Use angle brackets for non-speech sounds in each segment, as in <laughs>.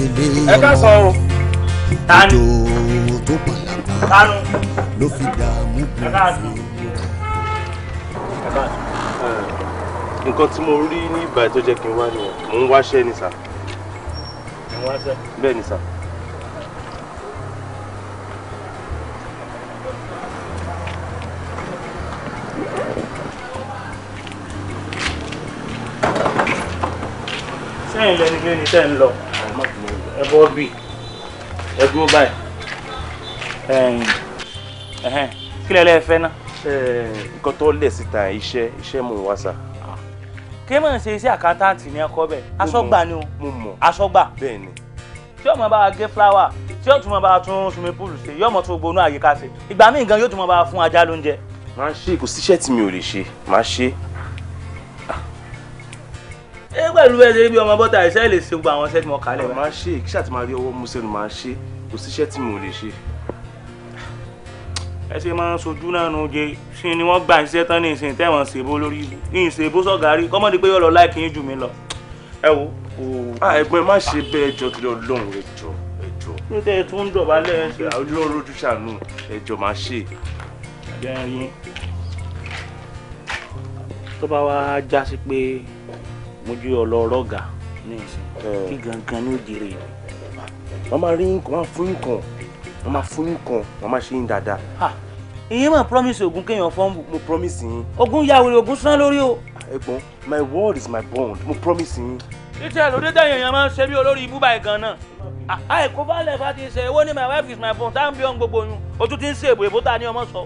ṣèlè ọmọ ìjò tó pàlàpà ló fi dààmú bùrù. nǹkan tí mo rí ní ìgbà tó jẹ́ kí n wá nìyẹn mò ń wáṣẹ́ ni sà. bẹ́ẹ̀ ni sà. sẹ́yìn lẹni gbé ni tẹ́ ń lọ ẹ bọ́ bì ẹ dúró báyìí. kí lẹ́lẹ́ ẹ fẹ́ ná. nǹkan tó lẹ̀ síta iṣẹ́ iṣẹ́ mò ń wá sà. Ah. kéèmọ̀ ṣe iṣẹ́ àkántàǹtì ní ẹ̀kọ́ bẹ̀ aṣọ́gbà ni o aṣọ́gbà. bẹ́ẹ̀ ni tí ọmọ bá wa gé fúláwà tí yóò tún mọ bá wa tún swimming pool ṣe yóò mọ tún gbóná àyíká ṣe ìgbà míì gan yóò tún mọ bá wa fún ajá lóúnjẹ. máa ṣe kò tí mi ò lè ṣe máa ṣe ẹ pẹ̀lú ẹsẹ̀ bí ọmọ bọ́tà iṣẹ́ lè ṣe gbogbo àwọn iṣẹ́ tí mo kà lẹ̀. màá ṣe kí ṣáà ti máa rí owó mú sẹ́nu màá ṣe kò síṣẹ́ tí mo lè ṣe. ẹ ṣe máa ń sojú náà nu jẹ ṣe ni wọ́n gba iṣẹ́ tán ní ìsìn tẹ́wọ̀n ṣèbó lórí ní ìṣèbó sọ̀gárí kọ́mọ́dé pé yóò lọ láì kí jù mí lọ. ẹ wo. ẹ̀gbọ́n má ṣe bẹ́ẹ̀ jọ torí Ọlọ́run rẹ jọ ẹjọ. níta ẹ tún dọ̀bálẹ̀ ẹ ṣe. Ọlọ́run lójú ṣàánú ẹjọ máa ṣe. tó bá wá já sí pé mo jẹ́ ọlọ́rọ́gà ní ìsìn kí gangan ní òjì rè. wọ́n máa rí nǹkan wọ́n máa fún nǹkan wọ́n máa fún nǹkan wọ́n máa ṣe yín dáadáa. ìyẹn máa promise ogun kéèyàn fọ́n bù. mo promise yín. ogun ya wèrè ogun sán lórí o. ẹ̀gbọ́n my word is my bond mo promise yín. títẹ̀ lóde tẹ̀yìn èèyàn máa ń ṣe bí olórí ibú báyìí gan náà àìkú balẹ̀ bá ti ṣe owó ní my wife is my bond tá à ń bí ọ̀n gbogbo yun ojú ti ń ṣèbò èbó ta ni ọmọ sọ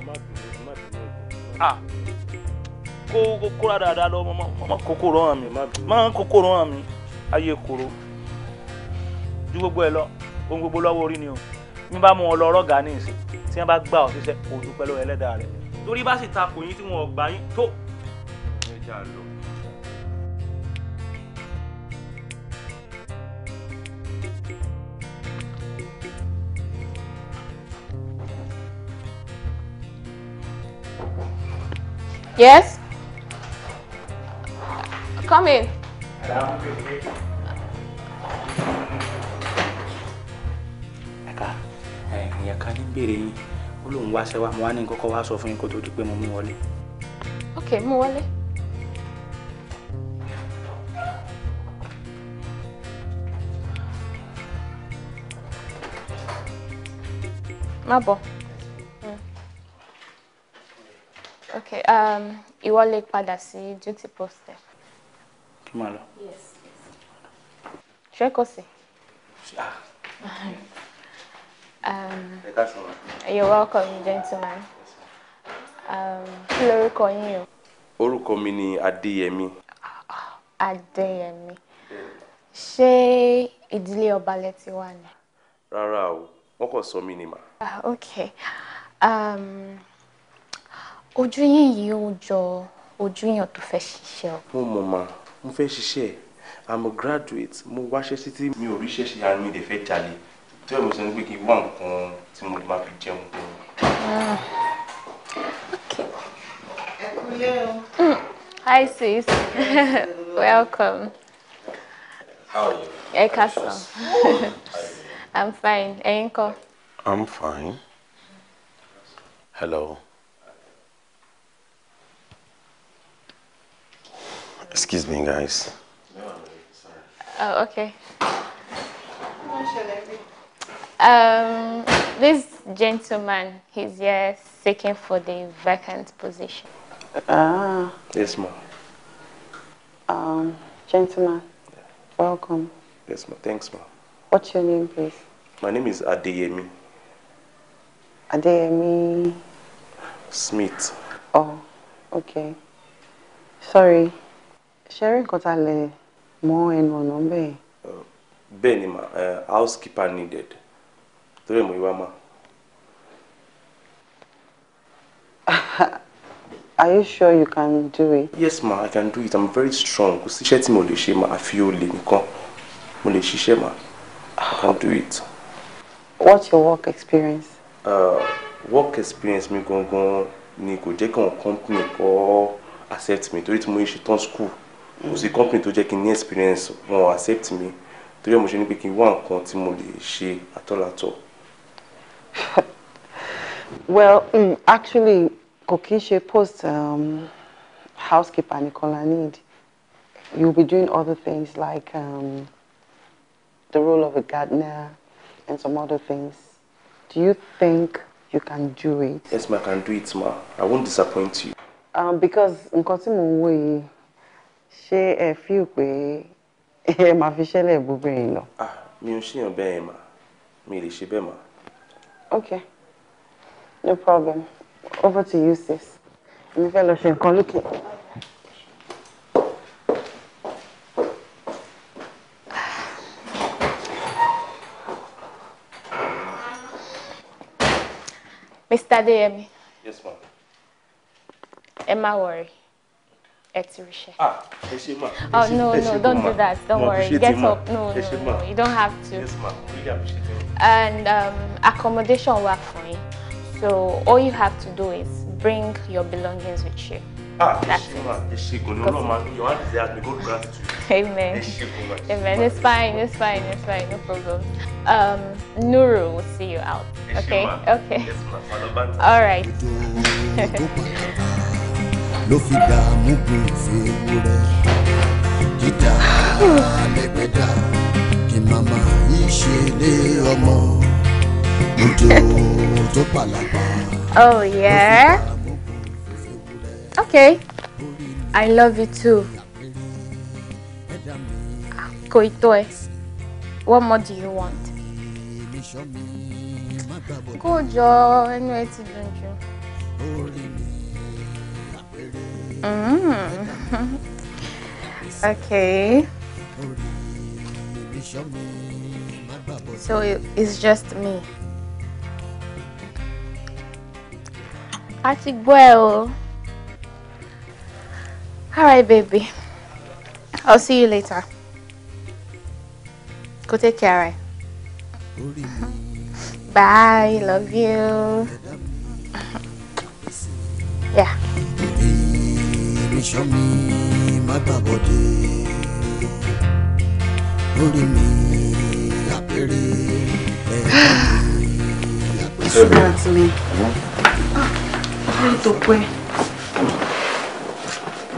kó kó rádaràda lọ mọ kókóró hàn mí mọ kókóró hàn mí ayé koro ju gbogbo ẹ lọ ohun gbogbo lọ́wọ́ orí ni o ní bá mú ọ lọ ní ìsìn tí wọn bá gbà ọ ṣiṣẹ́ kò dúpẹ́ lọ́wọ́ rẹ torí bá sì ta kò yín tí wọn ò gbà yín tó. Yes. Come in. Ẹ̀ka ẹ̀yìn ẹ̀ka ní bèrè yín ó lóun wá ṣẹ́wá mo wá ní kọ́kọ́ wá sọ fún yín kó tó di pé mo mú wọlé. Ok, mú wọlé. Má bọ̀. Hmm. Ok, um, ìwọ lè padà sí duty post ẹ̀ kí Yes. máa lọ. ṣé kò sí. you're welcome gentlemen. Um. lorúkọ yín you. Oru komi ni adéyẹmí. adéyẹmí ṣé ìdílé ọba lẹ ti wá ni. rárá o wọn kàn sọ mí ni mà. Ah, ok um, ojú yín yìí ó jọ ojú yàn tó fẹ́ ṣiṣẹ́ o. mo mọ̀ máa mo fẹ́ ṣiṣẹ́ i'm a graduate mo wáṣẹ́ sí tí. mi ò rí ṣẹ́ṣe ara mi lè fẹ́ jalè tó ẹ̀ mo pé kí n wá nǹkan tí mo máa fi jẹun. Ah, ẹ hmm. hi sis <laughs> welcome. how are you. ẹ káàsán <laughs> i'm fine ẹ̀yin kọ́. i'm fine hello. Excuse me, guys. No, sorry. Oh, okay. Um, this gentleman, he's here seeking for the vacant position. Ah. Yes, ma'am. Um, gentleman, yeah. welcome. Yes, ma'am. Thanks, ma'am. What's your name, please? My name is Adeyemi. Adeyemi... Smith. Oh, okay. Sorry ṣe rí nǹkan tá a lè mọ ẹnu ọ̀nà ń bẹ́ẹ̀ ni ma housekeeper needed torí ẹ̀ mo wá ma. <laughs> Are you sure you can do it? Yes ma, I can do it. I'm very strong. Kò síṣẹ́ tí mo lè ṣe ma àfi olè nìkan. Mo lè ṣiṣẹ́ ma. I can do it. What's your work experience? Uh, work experience mi gangan ni kò jẹ́ kí àwọn company kọ́ accept mi torí tí mo ń ṣe tán school kò sí company tó jẹ́ kí n ní experience wọn ò accept mi torí mo ṣe ní pé kí n wá nǹkan tí mo lè ṣe àtọ́látọ̀. <laughs> well um, actually kò kí n ṣe post um, housekeeper nìkan la need you be doing other things like um, the role of a gardener and some other things do you think you can do it. yes ma i can do it ma i won't disappoint you. Um, because nǹkan tí mò ń wò yìí ṣé ẹ fíìl pé ẹ máa fi ṣẹlẹ̀ gbogbo yìí lọ. Ah, mi ò ṣèyàn bẹ́ẹ̀ mà mi lè ṣe bẹ́ẹ̀ mà. okay no problem over to you sis èmi fẹ́ lọ ṣe nǹkan lókè. Mr. Adeyemi. Yes, ma'am. Emma, worry. Eturishe. Ah, Eshima. Oh, no, no, don't do that. Don't worry. Get up. No, no, no, you don't have to. Yes, ma'am. And um, accommodation work for me. So all you have to do is bring your belongings with you. Ah, No, gratitude. Amen. Amen. It's fine. It's fine. It's fine. No problem. Um, Nuru will see you out. Okay. Okay. Yes, All right. <laughs> ló fi dààmú bu ìfẹ́wò rẹ̀ dídá lẹ́gbẹ̀dá kí màmá yìí ṣe lé ọmọ ojú tó pàlàpà. Oh yeah. Okay. I love you too. Koitoe, what more do you want? Kó jọ ẹnu ẹ ti dùn jù. Mm. <laughs> okay. So it's just me. think well. Alright, baby. I'll see you later. Go take care, <laughs> Bye. Love you. <laughs> Yeah. ìṣọ́ mi má gbàbọ̀dé lórí mi àpẹẹrẹ ah,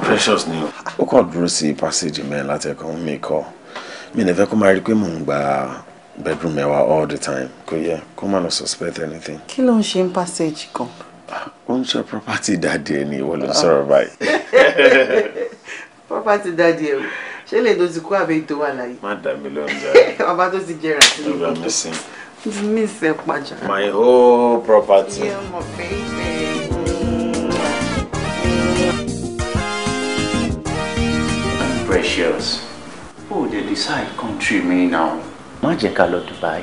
precious ni o ó kàn dúró sí passage mẹ́rin láti ẹ̀kọ́ mi kọ́ mi ní fẹ́ kó máa rí i pé mò ń gba bedroom mẹ́wàá all the time kò yẹ kó má lọ suspect anything. kí ló ń ṣe ń passage kan ó ń property Daddy, ẹ ní ìwọ ló ń sọ̀rọ̀ <laughs> property Daddy. ẹ o ṣé lè tó ti kó àbẹ ètò wà láyé. má dà mí lóhùn jáde. <laughs> bàbá tó ti jẹrà sí i. ọba mi sìn. mi sẹ pàjá. my whole property. Precious. Who they decide country me now. Má jẹ́ ká lọ Dubai.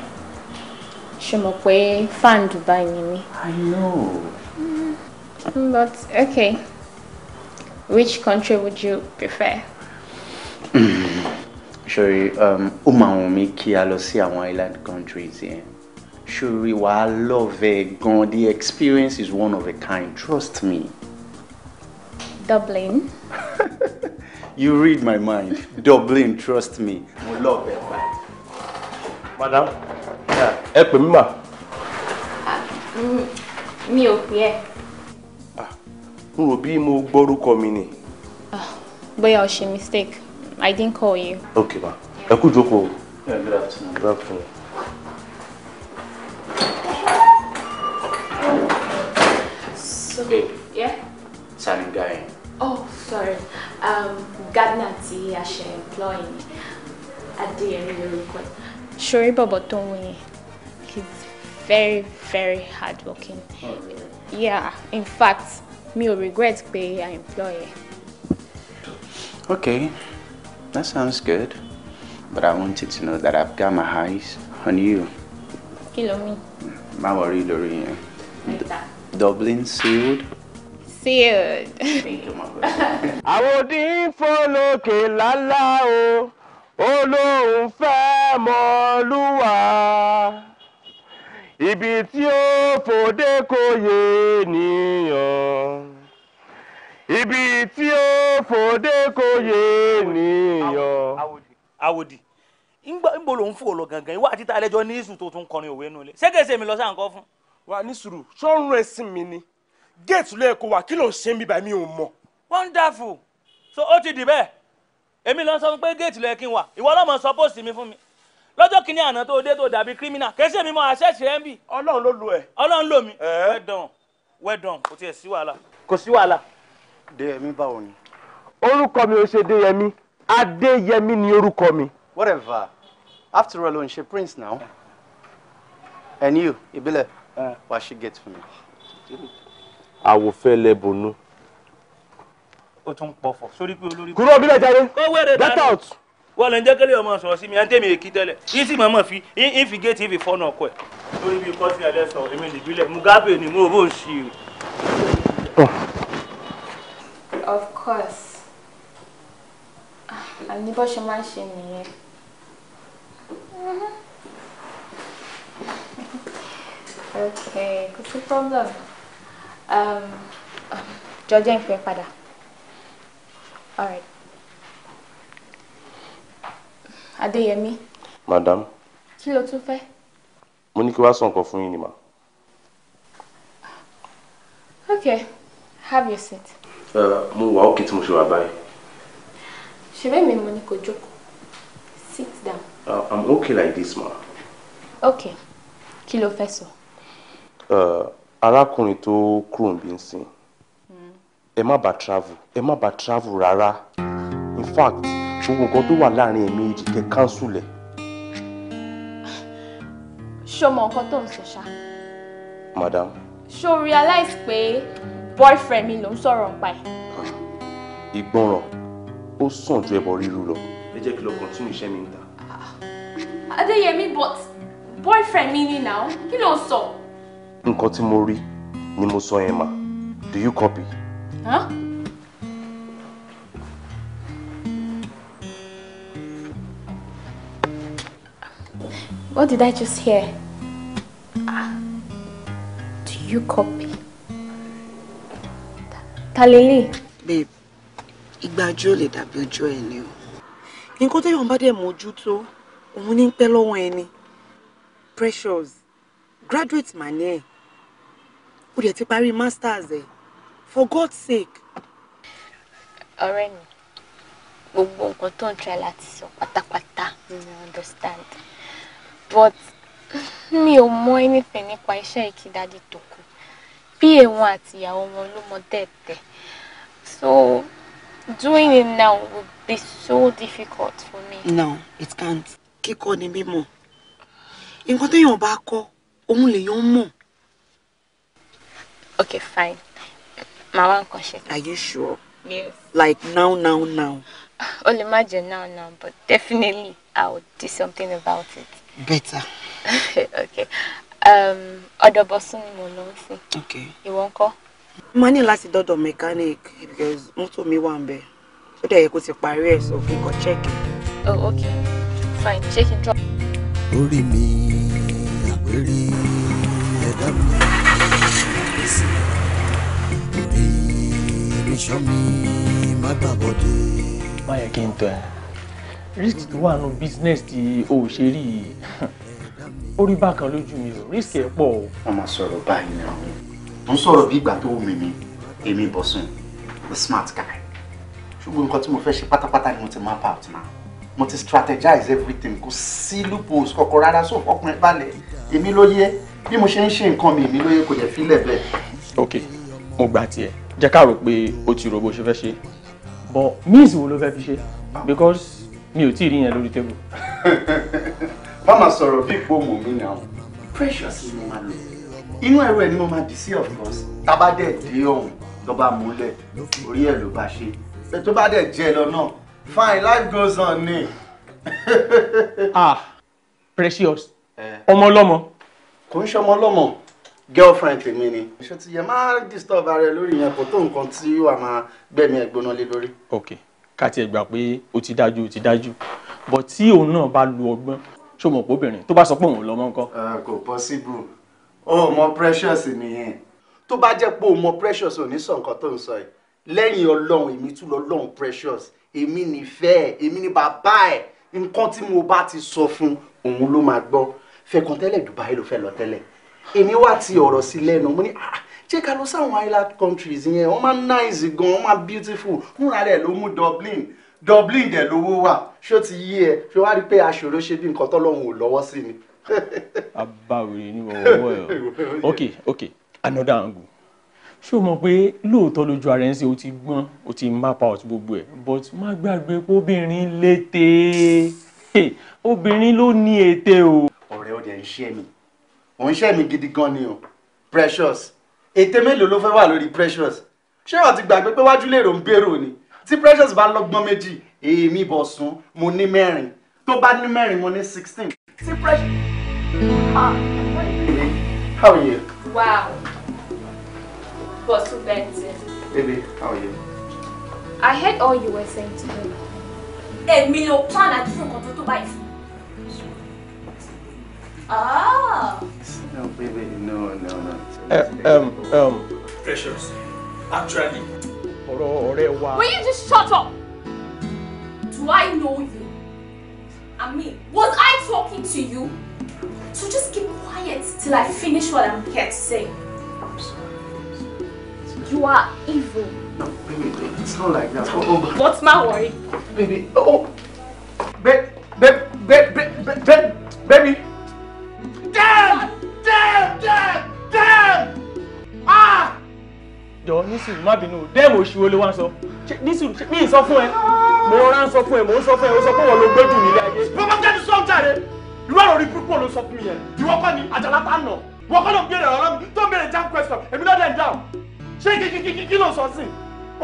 Ṣé mọ̀ pé fan Dubai ni mí? I know. But okay. Which country would you prefer? <clears throat> Sori, um, ó máa wọ̀n mí kí a lọ island countries here. Sori, wàá love gan-an. The experience is one of a kind, trust me. Dublin. <laughs> You read my mind. Dublin, trust me. We love it. Madam, yeah, pè mí mà. Ah, mi yeah n rò bí mo gbọ́rúkọ mi ni. Ah, bóyá o ṣe mistake i didn't call you. ok ma ẹ kú jókòó. good afternoon. good afternoon. so yeah. tani guy. oh sorry um, gardener ti a ṣe employ ni adéyẹmí lórúkọ ẹ. ṣorí bọ̀bọ̀ tó ń wọ he's very very hardworking. Oh, really? yeah in fact mi ò regret pé I employ ẹ. Okay, that sounds good. But I wanted to know that I've got my eyes on you. Kí ló mi? Má worry lórí yẹn. Dublin sealed. Sealed. <laughs> Àwọn òdì ń fò lókè lálá o, olóhùn fẹ́ mọ́lúwà. Ibi tí ó fòdé kò yé ènìyàn. ibi tí ó fòdé kò yé ènìyàn. àwòdì ńgbò ló ń fò lọ gangan ìwà àti tàlẹ́jọ́ ní to tó tún kọrin òwe nulẹ̀ ṣégeṣe mi lọ sa ń fún. wà ní sùúrù sọ́run ẹ̀sìn mi ni géètì ló kó wà kí ló ń ṣe mí báyìí mi ò wonderful so ó ti dì bẹ́ẹ̀ èmi lọ sọ pé géètì ló kí n wà ìwọ sọ mi fún mi lọ́jọ́ kìíní àná tó dé tó dàbí kírímínà mi mọ Adéyẹmí báwo ni. orúkọ mi ò ṣe Adéyẹmí Adéyẹmí ni orúkọ mi. whatever after all o n ṣe prince now and you Ìbílẹ̀ eh. wàá ṣe gate for me. àwòfẹ́lẹ́ bonú ó tún pọfọ sórí pé olórí. kúrò bílẹ̀ jáde get out. wọ́n lè ń jẹ́ kẹ́lẹ́ ọmọ sọ̀rọ̀ sí mi àǹtẹ̀mí èkì tẹ́lẹ̀ yìí sì mọ̀mọ́ fi ìfi géètì ìfi fọ́nà ọkọ ẹ̀. lórí bí kọ́sí ẹlẹ́sọ̀ èmi nìbílẹ̀ Mugabe ni mo bó ń ṣe of course àní ah, bó ṣe máa ń ṣe nìyẹn. okay kò sí problem jọjọ ń pè padà alright adéyẹmí. madam. kí ló tún fẹ́. mo ní kí wàá sọ nǹkan fún yín ni mà. okay have your seat mo wà ókè tí mo ṣe wà báyìí. ṣeré mi mo ní kó jókòó sit down. Uh, I'm okay like this ma. okay kí ló fẹ́ sọ. arákùnrin tó kúrò ń bí ń sìn hmm. ẹ má bá travel ẹ má bá travel rárá in fact gbogbo nǹkan tó wà láàrin èmi èjì tẹ káńsùlẹ. ṣó mọ nǹkan tó ń sọ ṣá. madam. ṣó realize pé boyfriend mi ló ń sọ̀rọ̀ ń pa ẹ̀. ìgbọràn ó sàn ju ẹbọ ríru lọ ẹ jẹ́ kí lọ continue iṣẹ́ mi níta. adéyẹmí but boyfriend mi ni now kí ló ń sọ. nǹkan tí mo rí ni mo sọ yẹn mà do you copy. Huh? What did I just hear? Ah, do you copy? ta lélẹ̀. babe ìgbà ojú ò lè dàbí ojú ẹ ni o. nǹkan tó yàn bá dẹ̀ mójú tó òun ní pẹ́ lọ́wọ́ ẹni precious graduate mà ní ẹ̀ o dẹ̀ ti parí masters ẹ̀ for God's sake. ọ̀rẹ́ mi gbogbo nǹkan tó ń try láti sọ pátápátá ni understand but mi ò mọ anything nípa iṣẹ́ ìkídádi tó kù PA wọn àti ìyàwó wọn ló mọ dẹ́ẹ̀tẹ̀ so doing it now would be so difficult for me. no it can't kíkọ́ ni mímọ̀ nǹkan téèyàn bá kọ́ òun lèèyàn mọ̀. okay fine màá wá nǹkan ṣe. are you sure. yes. like now now now. <laughs> o lè má jẹ now now but definitely I will do something about it. better. <laughs> okay Um, ọdọ ni mo lọ sí ìwọ ńkọ́. mo ní láti dọ́dọ̀ mechanic because mọ́tò mi wà ń bẹ̀ ó dẹ̀ yẹ kó ti parí ẹ̀ so kíkọ́ check. oh ok fine check kí drop. lórí mi àpérí ẹ̀dá mi èsì bí mi má kí n ẹ risk tó wà nù business tí o ò ṣe rí ó rí bákan lójú mi o rísì ẹ̀ pọ̀ o. wọ́n máa sọ̀rọ̀ báyìí náà mo ń sọ̀rọ̀ bí ìgbà tó wù mí mi èmi Bọ́sùn the smart guy ṣùgbọ́n nǹkan tí mo fẹ́ ṣe pátápátá ni mo ti map out now mo ti strategize everything kò sí loopholes kọ̀ọ̀kan rárá so ọkùnrin balẹ̀ èmi ló yẹ bí mo ṣe ń ṣe nǹkan mi èmi ló yẹ kò dẹ̀ fílẹ̀ bẹ́ẹ̀. ok mo gbà tiẹ̀ jẹ́ ká rò pé o ti rò bó ṣe fẹ́ ṣe but means wo ló fẹ́ fi ṣe because mi ò tí ì rí yẹn lórí table. <laughs> má máa sọ̀rọ̀ bí ìfowópamọ́ mi precious ni mo máa lò inú ni mo máa dì of course tábà de dé ọ̀hún tó bá múlẹ̀ orí ẹ̀ ló bá ṣe ẹ tó bá dẹ̀ jẹ́ lọ náà fine life goes on ni. <laughs> ah precious Omo lomo? kò ń ṣe ọmọ ọlọ́mọ girlfriend tèmi ni. ṣé ti yẹ máa disturb ara ẹ lórí yẹn kò tó nǹkan tí wàá máa gbẹ̀mí ẹ̀ gbóná lé lórí. ok ká tiẹ̀ gbà pé o ti dájú o ti dájú bọ̀ tí òun náà bá lu ọgbọ́n ṣó mọ̀ pé obìnrin tó bá sọ pé òun lọ́mọ ńkọ́. Ah, kò possible o mọ precious nìyẹn. tó bá jẹ́ pé o mọ precious ò ní sọ nǹkan tó ń sọ yìí lẹ́yìn ọlọ́run èmi tún lọ lọ́run precious èmi nífẹ̀ ẹ̀ èmi ní bàbá ẹ̀ nǹkan tí mo bá ti sọ fún òun ló máa gbọ́ fẹ̀kàn tẹ́lẹ̀ Dubai ló fẹ́ lọ tẹ́lẹ̀ èmi wá ti ọ̀rọ̀ sí lẹ́nu mo ní ṣé ah, ká lọ sáwọn island countries yẹn wọ́n máa nice gan wọ́n máa beautiful fúnra rẹ̀ ló mú Dublin Dublin dẹ̀ lówó wà ṣó ti yí ẹ ṣó wá rí pé aṣòro ṣe bí nǹkan tọ́lọ́hún ò lọ́wọ́ sí ni. <laughs> abawere ni ọwọ́ ẹ̀ o <laughs> ok ok another angle ṣé o mọ̀ pé lóòótọ́ lójú ara ẹ̀ ṣe o ti gbọ́n o ti map out gbogbo ẹ̀ but má gbàgbé pé obìnrin lété obìnrin ló ní ète o. ọ̀rẹ́ ó dẹ̀ ń ṣe mi ò ń ṣe mi gidi gan ni o precious ète mélòó ló fẹ́ wà lórí precious ṣé o ti gbàgbé pé wájú lèrò ń bèrò ni tí precious bá lọ́gbọ́n méjì èmi bọ̀ sùn mo ní mẹ́rin tó bá ní mẹ́rin mo ní sixteen tí precious. Ah, how are you. wow bọ̀sùn bẹ́ntì. baby how are you. i heard all you were saying to me. èmi ò plan àti fún nǹkan tó tó báyìí fún. Ah. No, baby, no, no, no. Uh, um, um. Precious, actually, ọ̀rọ̀ ọ̀rẹ́ wa. Will you just shut up? Do I know you? I mean, was I talking to you? So just keep quiet till I finish what I'm here to say. I'm sorry. You are evil. No, baby, it's not like that. Oh, oh. What's my worry? Baby, oh. Babe, babe, babe, babe, baby. sùn má bínú dẹ́ẹ̀mù òṣìwò ló wá sọ nísù mi sọ fún ẹ mo rán sọ fún ẹ mo sọ fún ẹ o sọ pé wọn ló gbẹ́dùn nílé ayé. bàbá jáde sọ jáde irú ọ̀rọ̀ orí púpọ̀ ló sọ fún mi yẹn ìwọ kọ́ ni àjàlá tá nà wọ́n kọ́ ló ń béèrè ọ̀rọ̀ mi tó ń béèrè jam question èmi náà dẹ̀ ń dáhùn ṣé kí ló sọ sí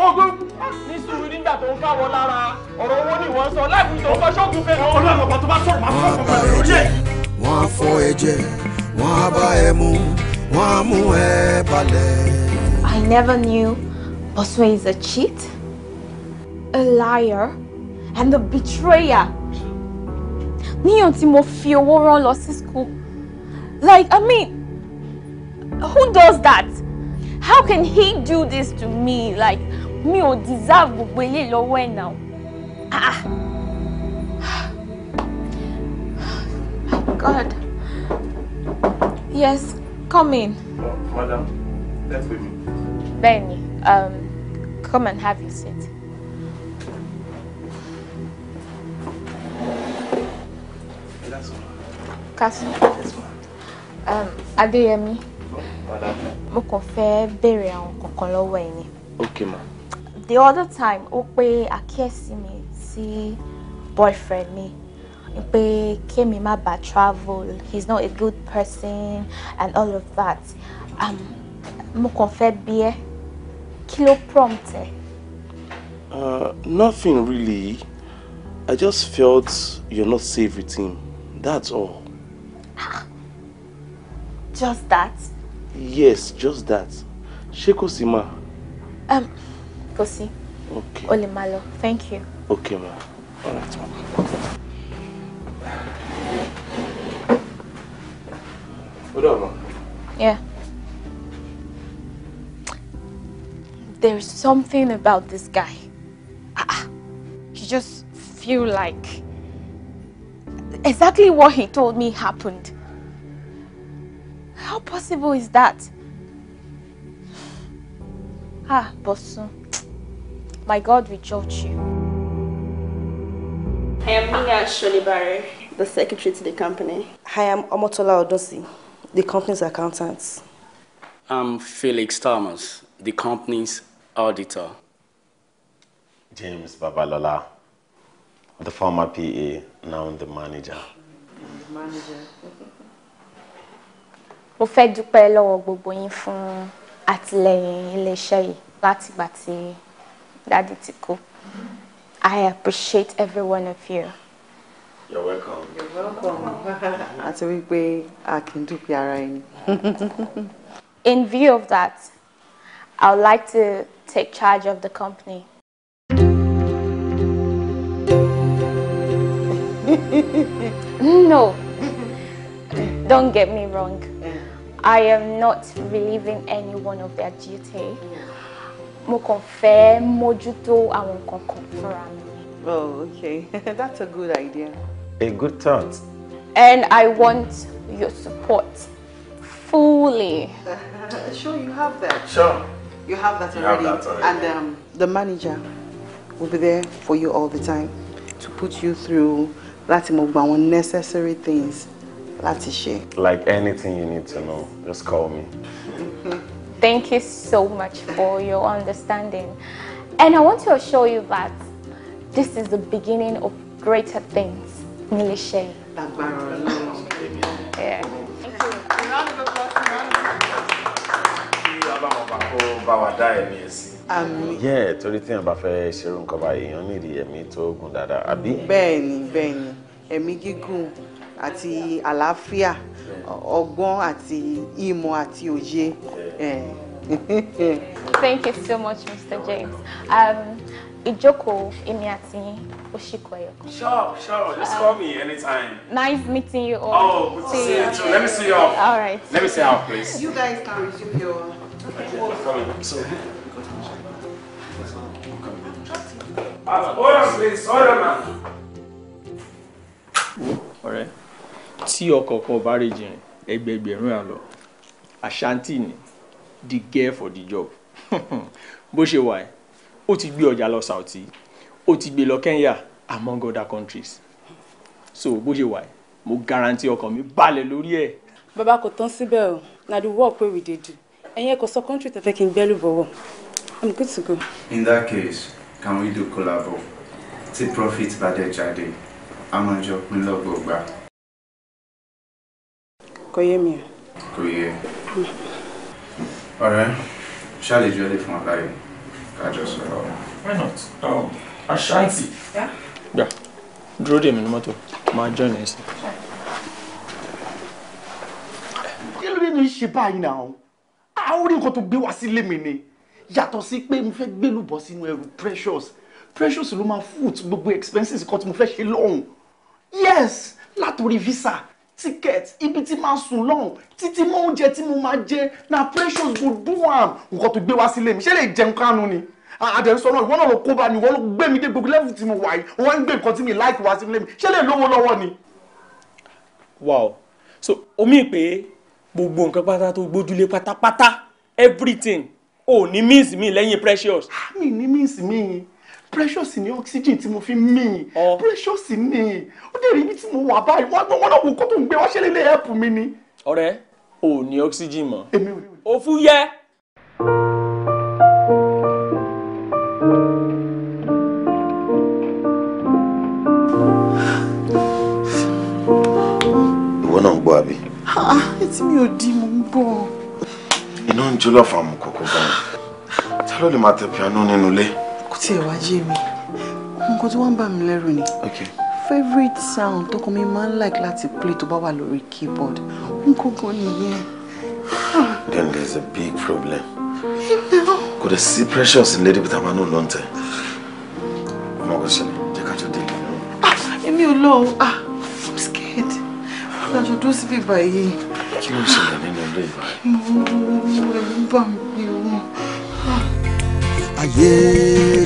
ogun ah, ní nígbà tó ń káwọ lára ọ̀rọ̀ owó ni wọ́n sọ láìpẹ́ ìṣòro kan ṣọ́ọ̀gùn fẹ́. wọ́n á mú ẹ balẹ̀. I never knew Boswe is a cheat, a liar, and a betrayer. Níyàn tí mo fi owó rán lọ sí school. Like, I mean, who does that? How can he do this to me? Like, me ò deserve gbogbo ilé lọ́wọ́ ẹ̀ now? Ah. My ah. God. Yes, come in. Madam, that's with me. Benny, um, come and have your seat. Kasu. Yes, um, Adéyẹmí. Mo kàn fẹ́ béèrè àwọn kankan lọ́wọ́ ẹ ni. Okay, ma. The other time, ó pe àkíyèsí mi sí boyfriend mi pé kémi má bàa travel he's not a good person and all of that. Um, mo kàn beer. Kilo, ló Uh, nothing really. I just felt you're not safe with him. That's all. Just that? Yes, just that. Sheko, Sima. Um, kò Okay. O lè Thank you. Okay ma. All right ma. Ó dà ma. Yeah. there's something about this guy. Ah, you ah. just feel like exactly what he told me happened. How possible is that? Ah, Bosun, my God will judge you. I am Mia Sholibare, the secretary to the company. I am Omotola Odosi, the company's accountant. I'm Felix Thomas, the company's auditor. James Babalola, the former PA, now the manager. Manager. Mo fẹ́ dúpẹ́ lọ́wọ́ gbogbo yín fún àtìlẹ́yìn iléeṣẹ́ yìí láti ìgbà tí dádì ti kú. I appreciate every one of you. You're welcome. You're welcome. Àti wípé a kì í dúpẹ́ ara ẹni. In view of that, I would like to take charge of the company. no, <laughs> don't get me wrong. I am not relieving anyone of their duty. Mo kàn fẹ́ mójútó àwọn nǹkan confirm, mo juto, I nnkan kan Oh, okay. <laughs> That's a good idea. A good thought. And I want your support fully. <laughs> sure, you have that. Sure. You have that you already. Have that already. And um, the manager will be there for you all the time to put you through láti mọ gbogbo àwọn necessary things láti Like anything you need to know, just call me. Thank you so much for your understanding. And I want to assure you that this is the beginning of greater things. Nilishe. Thank you. Yeah. Thank you. ọlọ́run bá kó bá wa dá ẹ̀mí ẹ̀ sí. àmín. yẹ torí tí èèyàn bá fẹ́ ṣerú nǹkan báyìí èèyàn nídìí ẹ̀mí tó gùn dáadáa àbí. bẹ́ẹ̀ni bẹ́ẹ̀ni ẹ̀mí gígùn àti àlàáfíà ọgbọ́n àti ìmọ̀ àti òye. thank you so much mr james um, ìjókòó èmi àti yín Oshikoyo. Sure, sure. Just call me anytime. Nice meeting you all. Oh, good to see you too. Let me see you off. All right. Let me see you off, please. You guys can resume your So. ọ̀rẹ́ tí ọkọ̀ ọkọ̀ bá rè jìn ẹgbẹgbẹ̀rún àlọ́ Ashanti ni the girl for the job <laughs> bó ṣe wà ẹ́ ó ti gbé ọjà lọ Saudi ó ti gbé lọ Kenya among other countries so bó ṣe wà ẹ́ mo guarantee ọkàn mi balẹ̀ lórí ẹ̀. bàbá kò tán síbẹ̀ o na the work wey we dey do ẹ̀yin ẹ̀kọ́ sọ kọ́ńtì tẹ̀fẹ́ kí n gbẹ́lú bọ̀wọ̀ I'm good to go. In that case, can we do collabo? tí profit bá dẹ̀ jáde a máa jọ pín lọ́gbọ̀gba. kò yé mi o. kò yé. ọ̀rẹ́ ṣàlejò lè fún ọ̀la yìí kájọ why not um, aṣáàtì. gbà Yeah. Yeah. mí ní mọ́tò máa join My journey is. ló dé ní ṣe báyìí náà a ó rí nǹkan tó gbé wá sílé mi ni yàtọ̀ sí pé mo fẹ́ gbélú bọ́ sínú ẹrù precious precious ló máa foot gbogbo expenses kan tí mo fẹ́ ṣe lọ́hùn yes látòrí visa ticket ibi tí máa sùn lọ́hùn títí mọ́ oúnjẹ tí mo máa jẹ na precious go do am nǹkan tó gbé wá sílé mi ṣé lè jẹun kánú ni àdẹ̀sọ náà ìwọ náà ló kó bá mi ìwọ ló gbé mi dé gbogbo level tí mo wà yìí wọ́n ń gbé nǹkan tí mi láìpẹ́ wá sílé mi ṣé lè lówó lọ́wọ́ ni. wow so omi pé gbogbo nǹkan pátá tó gbójúlé pátápátá everything ò ní miss mi lẹ́yìn precious. Ah, mi ní miss mi precious ni oxygen tí mo fi ń mì precious ni ó dẹ̀ rí ibi tí mo wà báyìí wọ́n gbọ́ wọn náà wò kó tó ń gbé wá ṣẹlẹ̀ lè help mi ni. ọ̀rẹ́ o ò ní oxygen mọ́ òfu yẹ. tí mi ò di mò ń bọ̀. inú ń jó lọ́fà mú kókó báyìí ta ló lè máa tẹ piano nínú ilé. kò tiẹ̀ wá yé mi nǹkan tí wọ́n ń bà mí lẹ́rù ni favourite sound tọkọ mi máa ń like láti play tó bá wà lórí keyboard nǹkan kan nìyẹn. then there is a big problem. kò dẹ̀ sí precious lady bí tamanu ló ń tẹ̀ ọmọ kò ṣẹlẹ̀ jẹ́ ká jọ dé. Ah, èmi ò lọ ah i'm scared. Lájọ dúró síbí báyìí kí ló ṣẹlẹ̀ nínú ilé ìgbà rẹ̀. mo ẹ̀rù bà mí pé o. ayé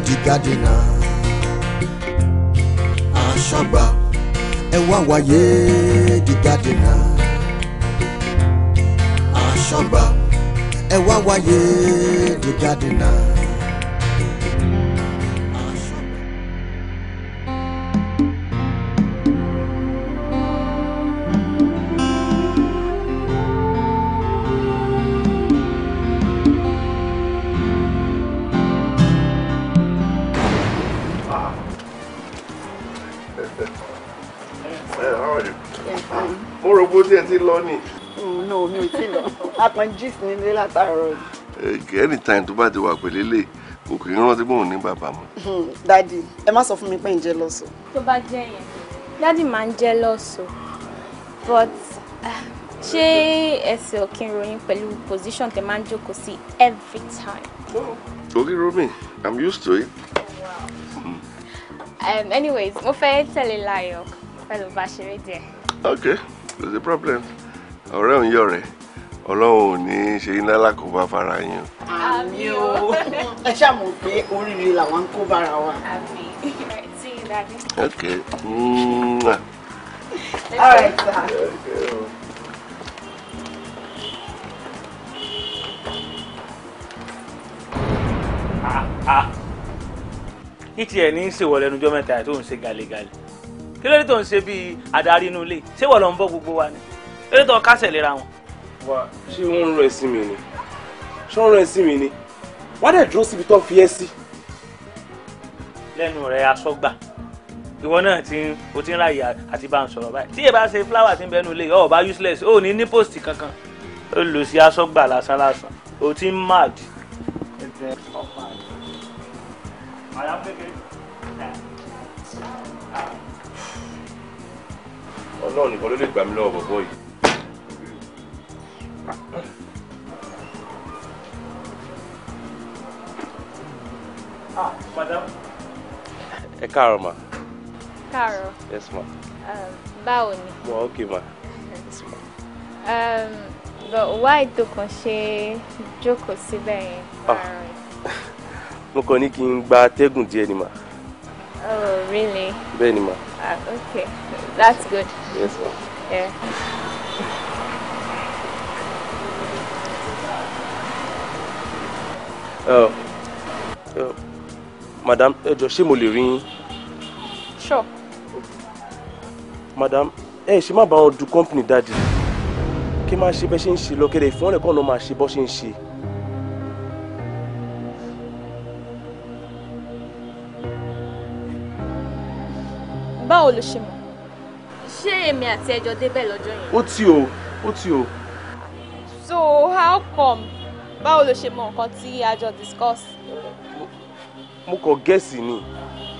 dìgàdìnà àṣàgbà ẹ wá wáyé dìgàdìnà àṣàgbà ẹ wá wáyé dìgàdìnà. lọ́nì. Mm, no mi ò tí lọ akàn gist nílé látàárọ̀. anytime tó bá ti wà pẹ̀lú ilé kò kì í rántí bóun ní bàbá mọ́. Hmm, dadi ẹ má sọ fún mi pé ń jẹ lọ́sọ̀. tó bá jẹ́ yẹn dadi máa ń jẹ lọ́sọ̀ but ṣé ẹsẹ̀ òkè ìròyìn pẹ̀lú position tẹ máa ń jókòó sí every time. orí oh, romi i'm used to it. Hmm. Um, anyways mo fẹ́ tẹ̀lé Láyọ̀ pẹ̀lú bá ṣeré okay there's a problem ọ̀rẹ́ òun yọ̀ rẹ̀ ọlọ́run ò ní ṣe iná lákòóbá fara yín o. àmì o ẹ ṣàmù pé oríire làwọn ń kó bára wa. àmì tí ì dání. ok. Mm -hmm. All right, sir. Okay. kí tiẹ̀ ní í ṣèwọ̀ lẹ́nu ọjọ́ mẹ́ta tó ń ṣe gàlégàlé kí ló dé tó ń ṣe bíi adarí inú ilé ṣéwọ̀ ló ń bọ́ gbogbo wa ni eré tó kásẹ̀ lera wọn. wà ṣé wọ́n ń rọ ẹ̀sìn mi ni ṣé wọ́n ń rọ ẹ̀sìn mi ni wọ́n á dẹ̀ dúró síbi tó ń fi ẹ́ sí. lẹ́nu rẹ̀ asọ́gbà ìwọ náà ti o ti ń ráàyè àti bá ń sọ̀rọ̀ báyìí tí ìbá ṣe flower ti ń bẹnu ilé ọ̀ bá useless ó ní ní post kankan ó lò sí asọ́gbà lásán lásán o ti ń mad. ọlọ́run nìkan ló lè gbà mí lọ́wọ́ bọ̀bọ́ yìí. Ah, madam. Ẹ káàárọ̀ ma. Káàárọ̀. Yes ma. Um, báwo ni? Mo ma. Yes ma. Um, but why tó kàn ṣe jókòó síbẹ̀ Ah, Mo kàn ní kí n gba ma. Oh, really? Bẹ́ẹ̀ ni ma. Ah, okay, that's good. Yes ma. Yeah. madam ẹ jọ ṣé mo lè rí yín. sure. madam ẹ ṣe má bá wọn du company dáàdi kí máa ṣe bẹ́ ṣe ń ṣe lọ kéde ìfọ́nrẹ́ kan náà máa ṣe bọ́ ṣe ń ṣe. báwo ló ṣe mọ̀ ṣé èmi àti ẹjọ́ débẹ̀ lọ́jọ́ yẹn. ó ti o ó ti o. so how come báwo ló ṣe mọ nǹkan tí a jọ discuss. mo kàn gẹ́ẹ̀sì ni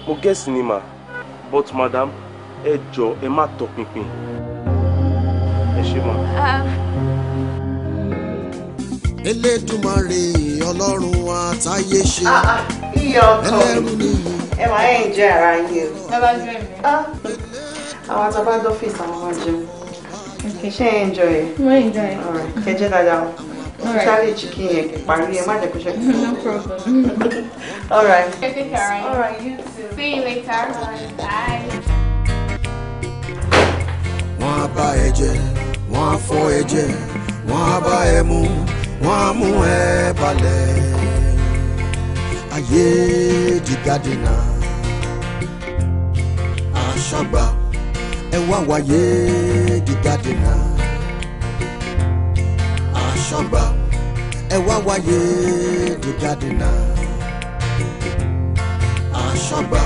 mo gẹ́ẹ̀sì ni ma but madam ẹ jọ ẹ má tọpinpin ẹ ṣe ma. Ah. Elédùmarè Ọlọ́run àtayé ṣe ah, ah, ẹlẹ́rú nìyí. ẹ máa ń jẹ ara yín o. ẹ bá jẹ mi. àwọn àtàbà dọ́fíìsì àwọn máa jẹun. kì í ṣe enjoy. mo enjoy. kẹjẹ dáadáa especially chicken yẹn parí ẹ má jẹ kó ṣe kí. no problem. <laughs> all right. take care all right you too. see you later. bye. wọ́n á bá ẹ jẹ wọ́n wọ́n á mú ẹ balẹ̀ ayé dìgàdìnà àṣàgbà ẹ wá wáyé dìgàdìnà ṣọ́gbà ẹ wá wáyé dìgbàdì náà. àṣọ́gbà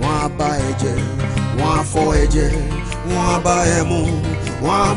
wọ́n á bá ẹ jẹ wọ́n á fọ́ ẹ jẹ wọ́n á bá ẹ mú wọ́n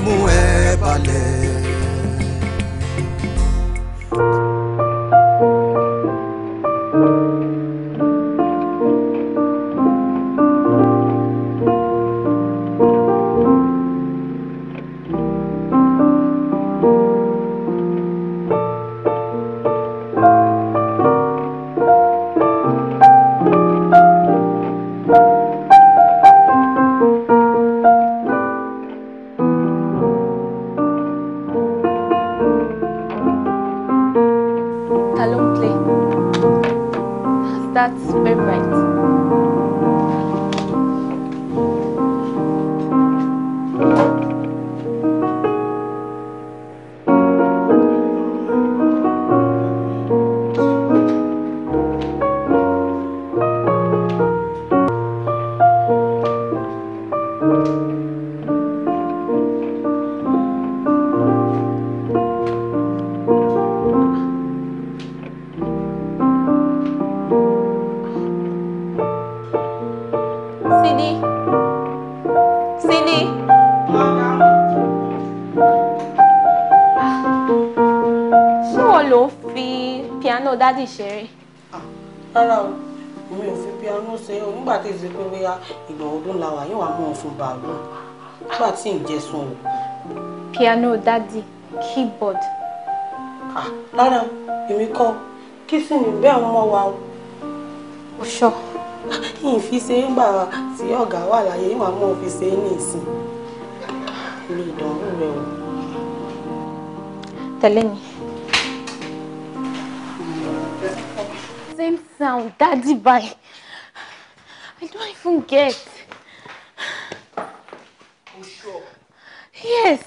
sì ń jẹsùn o. piano daddy, keyboard. ah rárá èmi kọ́ kí sì ní bẹ́ẹ̀ mọ́ wa o. o sọ. yìí fi ṣe é gbà tí ọ̀gá wà láyé wàá mọ̀ fi ṣe é ní ìsìn mi ìdánwò rẹ o. tẹ̀lé mi. same sound daddy, bye i don't even get. yes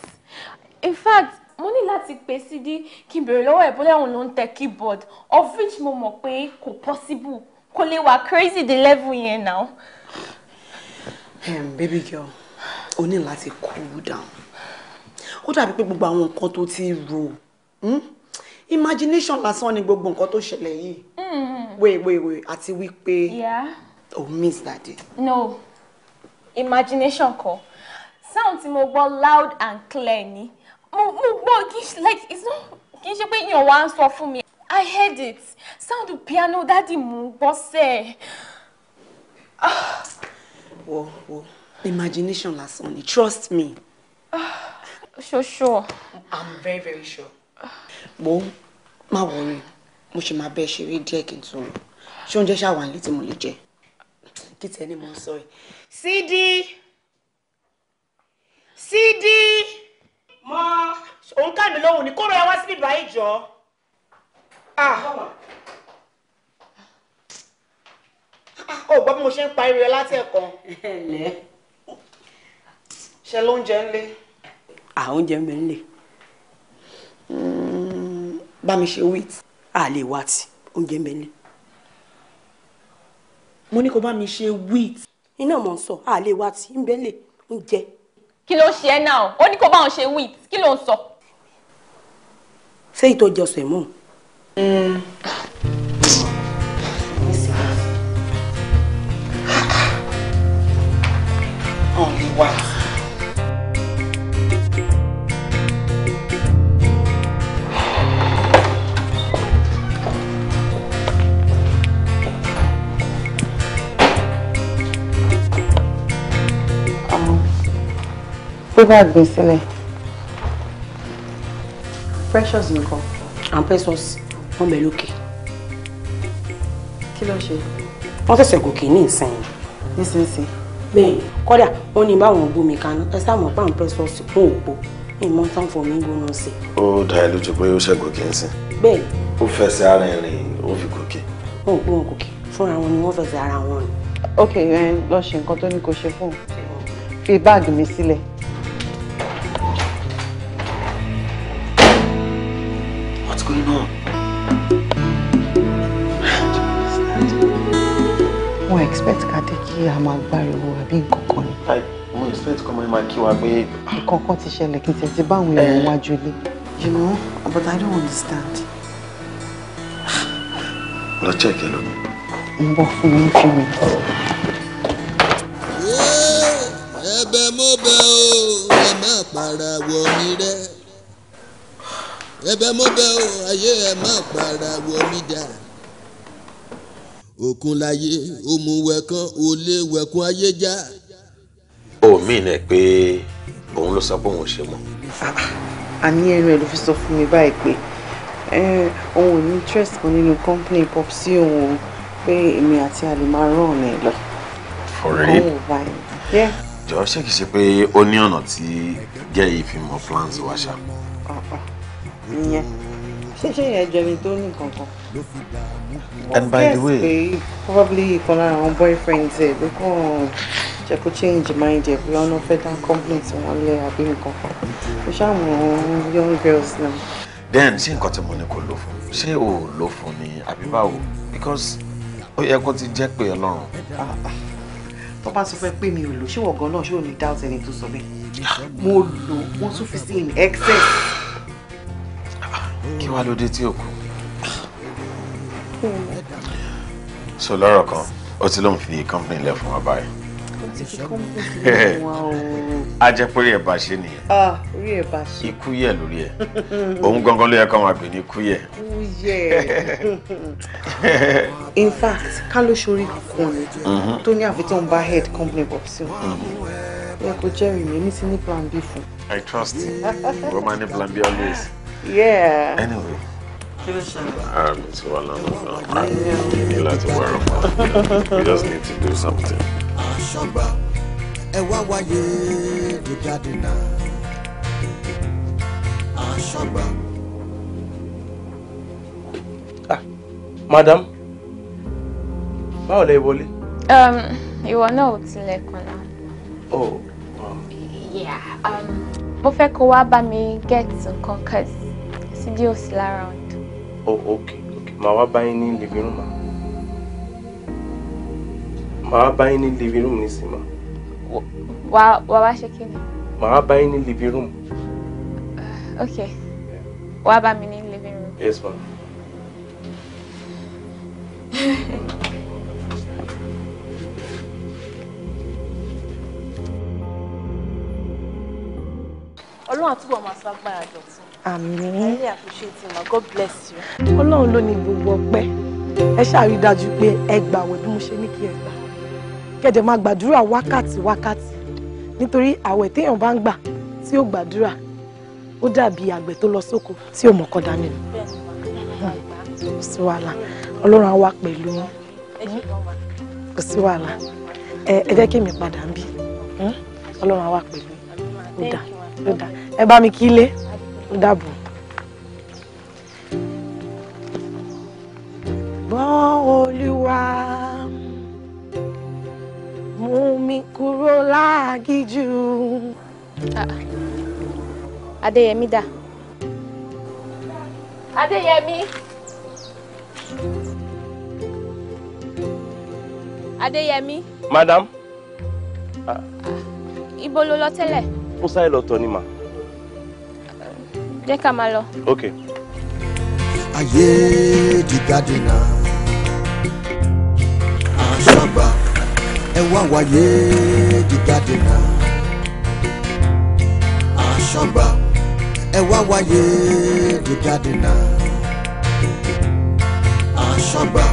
in fact mo ní láti pè di kí n bèrè lọ́wọ́ ẹ̀ bóyá òun ló ń tẹ keyboard of which mo mọ̀ pé kò possible kò lè wà crazy the level yẹn now. Um, baby girl o ní láti cool down ó dàbí pé gbogbo àwọn nǹkan tó ti rò hmm? imagination lásán ni gbogbo nǹkan tó ṣẹlẹ̀ yìí mm-hmm. wait wait wait àti wípé o miss daddy. no imagination kọ́ sound tí mo gbọ́ loud and clear ni mo mo gbọ́ kì like it's not kì í ṣe pé èèyàn wá ń sọ fún mi I heard it sound piano dádì mú gbọ́ sẹ́ ẹ̀. wo wo imagination lásán ni trust me. so sure. I'm very very sure. wo ma worry. mo ṣe máa bẹ ṣeré díẹ̀ kí n tún un ṣé oúnjẹ ṣàwọn àlè tí mo lè jẹ kí tẹ mo sọ yìí. Sidi. Sídí mọ́ òun ká mi lóhùn ní kó rọra wá síbí báyìí jọ. ó gbọ́ bí mo ṣe ń parí rẹ láti ẹ̀kan. ṣe lóúnjẹ ń lé. oúnjẹ ń bẹ ń lè. Hmm, bá mi ṣe wheat. a lè wá tí oúnjẹ ń bẹ ń lè. mo ní kó bá mi ṣe wheat. iná mọ̀ ń sọ a lè wá tí ń bẹ ń lè oúnjẹ kí ló ṣe ẹ́ náà ó ní kó bá òun ṣe wheat kí ló ń sọ. ṣé ìtò jọsìn mú. ọ̀hún wà. gbé báàgì mi sílẹ̀. precious nǹkan. and precious wọn bẹ lókè. kí ló ṣe. wọ́n ṣẹ̀ṣẹ̀ gòkè ní ìsìn. nísinsìnyí. bẹ́ẹ̀ kọ́dà wọ́n ní báwọn gbómi kaná ẹ sáà mọ̀ páwọn precious fún òpó ìmọ̀ tán fún mi gbóná sí. ó dá ẹ lójú pé ó ṣe gòkè ń sìn. bẹ́ẹ̀. ó fẹsẹ̀ ara ẹ̀ rìn ó fi gòkè. wọn ò gbé wọn gòkè fúnra wọn ni wọ́n fẹsẹ̀ ara wọn rìn. ok lọ ṣe nǹkan tó ní kó ṣe fún fi báàgì mi sílẹ̀. going on? Wọ́n expect ká dé kí a máa gbáriwo àbí nǹkan kan ni. Wọ́n expect kọ́ máa kí wa pé. Nǹkan kan ti ṣẹlẹ̀ kí n tẹ̀sí báwọn èèyàn eh. wájú ilé. You know, but I don't understand. Let's check ẹ lómi. Mo bọ̀ fún mi few minutes. Ẹ̀bẹ̀ mo bẹ̀ o, ẹ má para wọ mi ẹ̀bẹ̀ mo bẹ̀ o ayé ẹ má para wọ mí dà òkun láyé òmùwẹ̀kan olè wẹ̀kun ayé já. ó mí nẹ pé òun ló sọ pé òun ṣe mọ. àní ah, ẹnu ẹ ló fi sọ fún mi báyìí pé òun ò ní interest kan nínú company pop sí òun pé èmi àti àlè máa rán ọ̀nà ẹ̀ lọ. for real jọ ṣé kìí ṣe pé ó ní ọ̀nà tí gẹ́ẹ̀ yìí fi mọ plans wa ṣá ìyẹn ṣíṣe yẹn jẹni tó ní and by the way. pé probably for our own boyfriend say ló kàn jẹ kó change mind ẹ bí wọn fẹ́ dá complaint wọn lẹ àbí being kan ó ṣàmùhàn young girls now. then ṣé nǹkan tí mo ní kò lò oh ṣé o lò fún because oh yẹ kó ti jẹ́ pé ọlọ́run. Ah, ah. tó bá sọ fẹ́ pé mi ò lò ṣé wọ̀gán náà ṣé ò ní doubt ẹni tó sọ bẹ́ẹ̀ ah, mo lò mo tún fi sí in excess kí wàá ló dé tí ò kú. so lọ́rọ̀ kan ó ti lóun fi company lẹ̀ fún wa báyìí. a jẹ́ pé rí ẹ̀ bá ṣe nìyẹn. Ah, rí ẹ̀ bá ṣe. ikú yẹ̀ lórí ẹ̀ òun gangan ló yẹ kó máa gbé ní ikú yẹ̀. in fact ká ló ṣorí kan ni mm-hmm. tó ní àfi tí wọ́n bá head company bọ̀ sí wọn mm-hmm. ẹ kò jẹ́rìí mi èmi ti ní plan b fún. i trust you woman ní plan b always. Yeah. Anyway. Um, it's one on need to wear a mask. We just need to do something. Ẹ wá wáyé ló jáde náà. Ah, madam, báwo lè wọlé? Um, ìwọ náà ò tilẹ̀kùn náà. Oh, wow. Yeah, Um. Before kó go, bá mi get some cause Túndé ò sí lára ọ̀dọ̀. Oh, okay, okay. Màá wá bá ní living room ma. Màá wá ní living room nísìn ma. Wà wà wá ṣe kí ni? Màá wá ní living room. Uh, okay. Wà bá mi ní living room. Yes ma. Ọlọ́run àtúbọ̀ máa sọ agbára dọ̀tun àmín. really appreciate you God bless you. ọlọ́run ló ní gbogbo ọpẹ́ ẹ ṣáà i dájú pé ẹ gbàwẹ̀ bí mo ṣe ní kí ẹ gbà kẹ̀dẹ̀ máa gbàdúrà wákàtí wákàtí nítorí àwẹ̀ téèyàn bá ń gbà tí ó gbàdúrà ó dàbí àgbẹ̀ tó lọ sóko tí ò mọ̀kọ́ dání lọ. kò sí wàhálà ọlọ́run á wà pẹ̀lú yín kò sí wàhálà ẹ jẹ́ kí èmi padà ń bí ọlọ́run á wà pẹ̀lú ó dà ó dà ẹ bá mi kí ilé ó dàbọ̀. gbọ́ olúwa mú mi kúrò láàgìjù. Ah, adéyẹmí dà. adéyẹmí. adéyẹmí. madam. Ah. ibo ló lọ tẹ́lẹ̀. ó sáré lọ tọ̀ ni mà jẹ́ ká máa lọ. ok. ayé dìgbà dènà àṣàgbà ẹ wá wáyé dìgbà dènà àṣàgbà ẹ wá wáyé dìgbà dènà àṣàgbà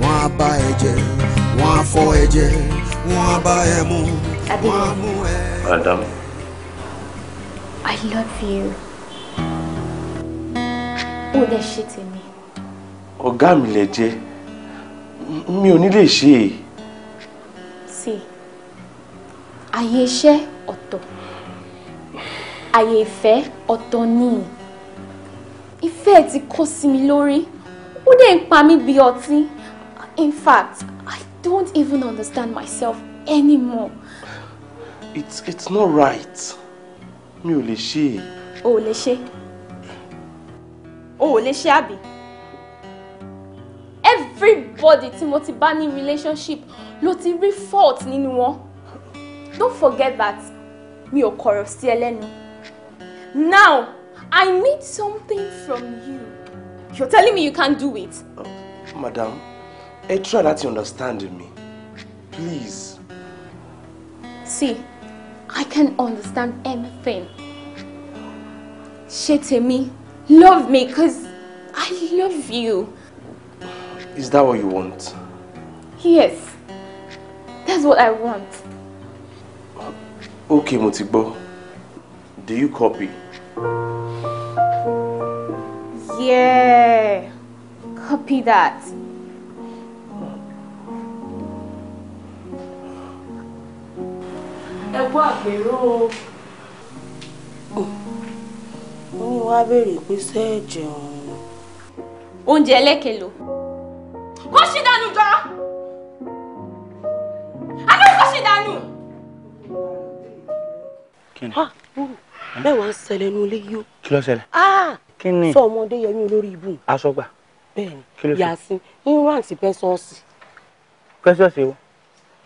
wọn á bá ẹ jẹ wọn á fọ ẹ jẹ wọn á bá ẹ mú wọn á mú ẹ. madam. I love you ó dẹ̀ ṣe tèmi. ọ̀gá mi lẹ jẹ́ mi ò ní lè ṣe é. sí àyè iṣẹ́ ọ̀tọ̀ àyè ìfẹ́ ọ̀tọ̀ ni ìfẹ́ ẹ̀ ti kó sí mi lórí ó dẹ̀ ń pa mí bí ọtí in fact I don't even understand myself anymore. it's it's not right mi ò lè ṣe é. o ò lè ṣe é. Oh, ò lè ṣe àbí everybody tí mo ti bá ní relationship ló ti rí fault nínú wọn don't forget that mi ò kọ̀rọ̀ sí ẹ lẹ́nu now I need something from you you're telling me you can't do it. Oh, madam ẹ try láti understand me please. see I can understand anything ṣe tèmi Love me because I love you. Is that what you want? Yes. That's what I want. Okay, mo Do you copy? Yeah. Copy that. Ẹ wá àpérò mo ní wàá béèrè pé sẹ́ẹ̀jẹ̀ ọ̀hún. oúnjẹ ẹlẹ́kẹ̀lò kó ṣì dànù jọ àná kó ṣì dànù. kí ni. Ah, bẹ́ẹ̀ wá ń ṣẹlẹ̀ ní ilé yìí o. kí ló ṣẹlẹ̀. Ah! kí ni. sọ ọmọdé yẹmí olórí ibù. aṣọ gbà. bẹ́ẹ̀ni yasin irun àti pẹsọọsì. pẹsọọsì wo.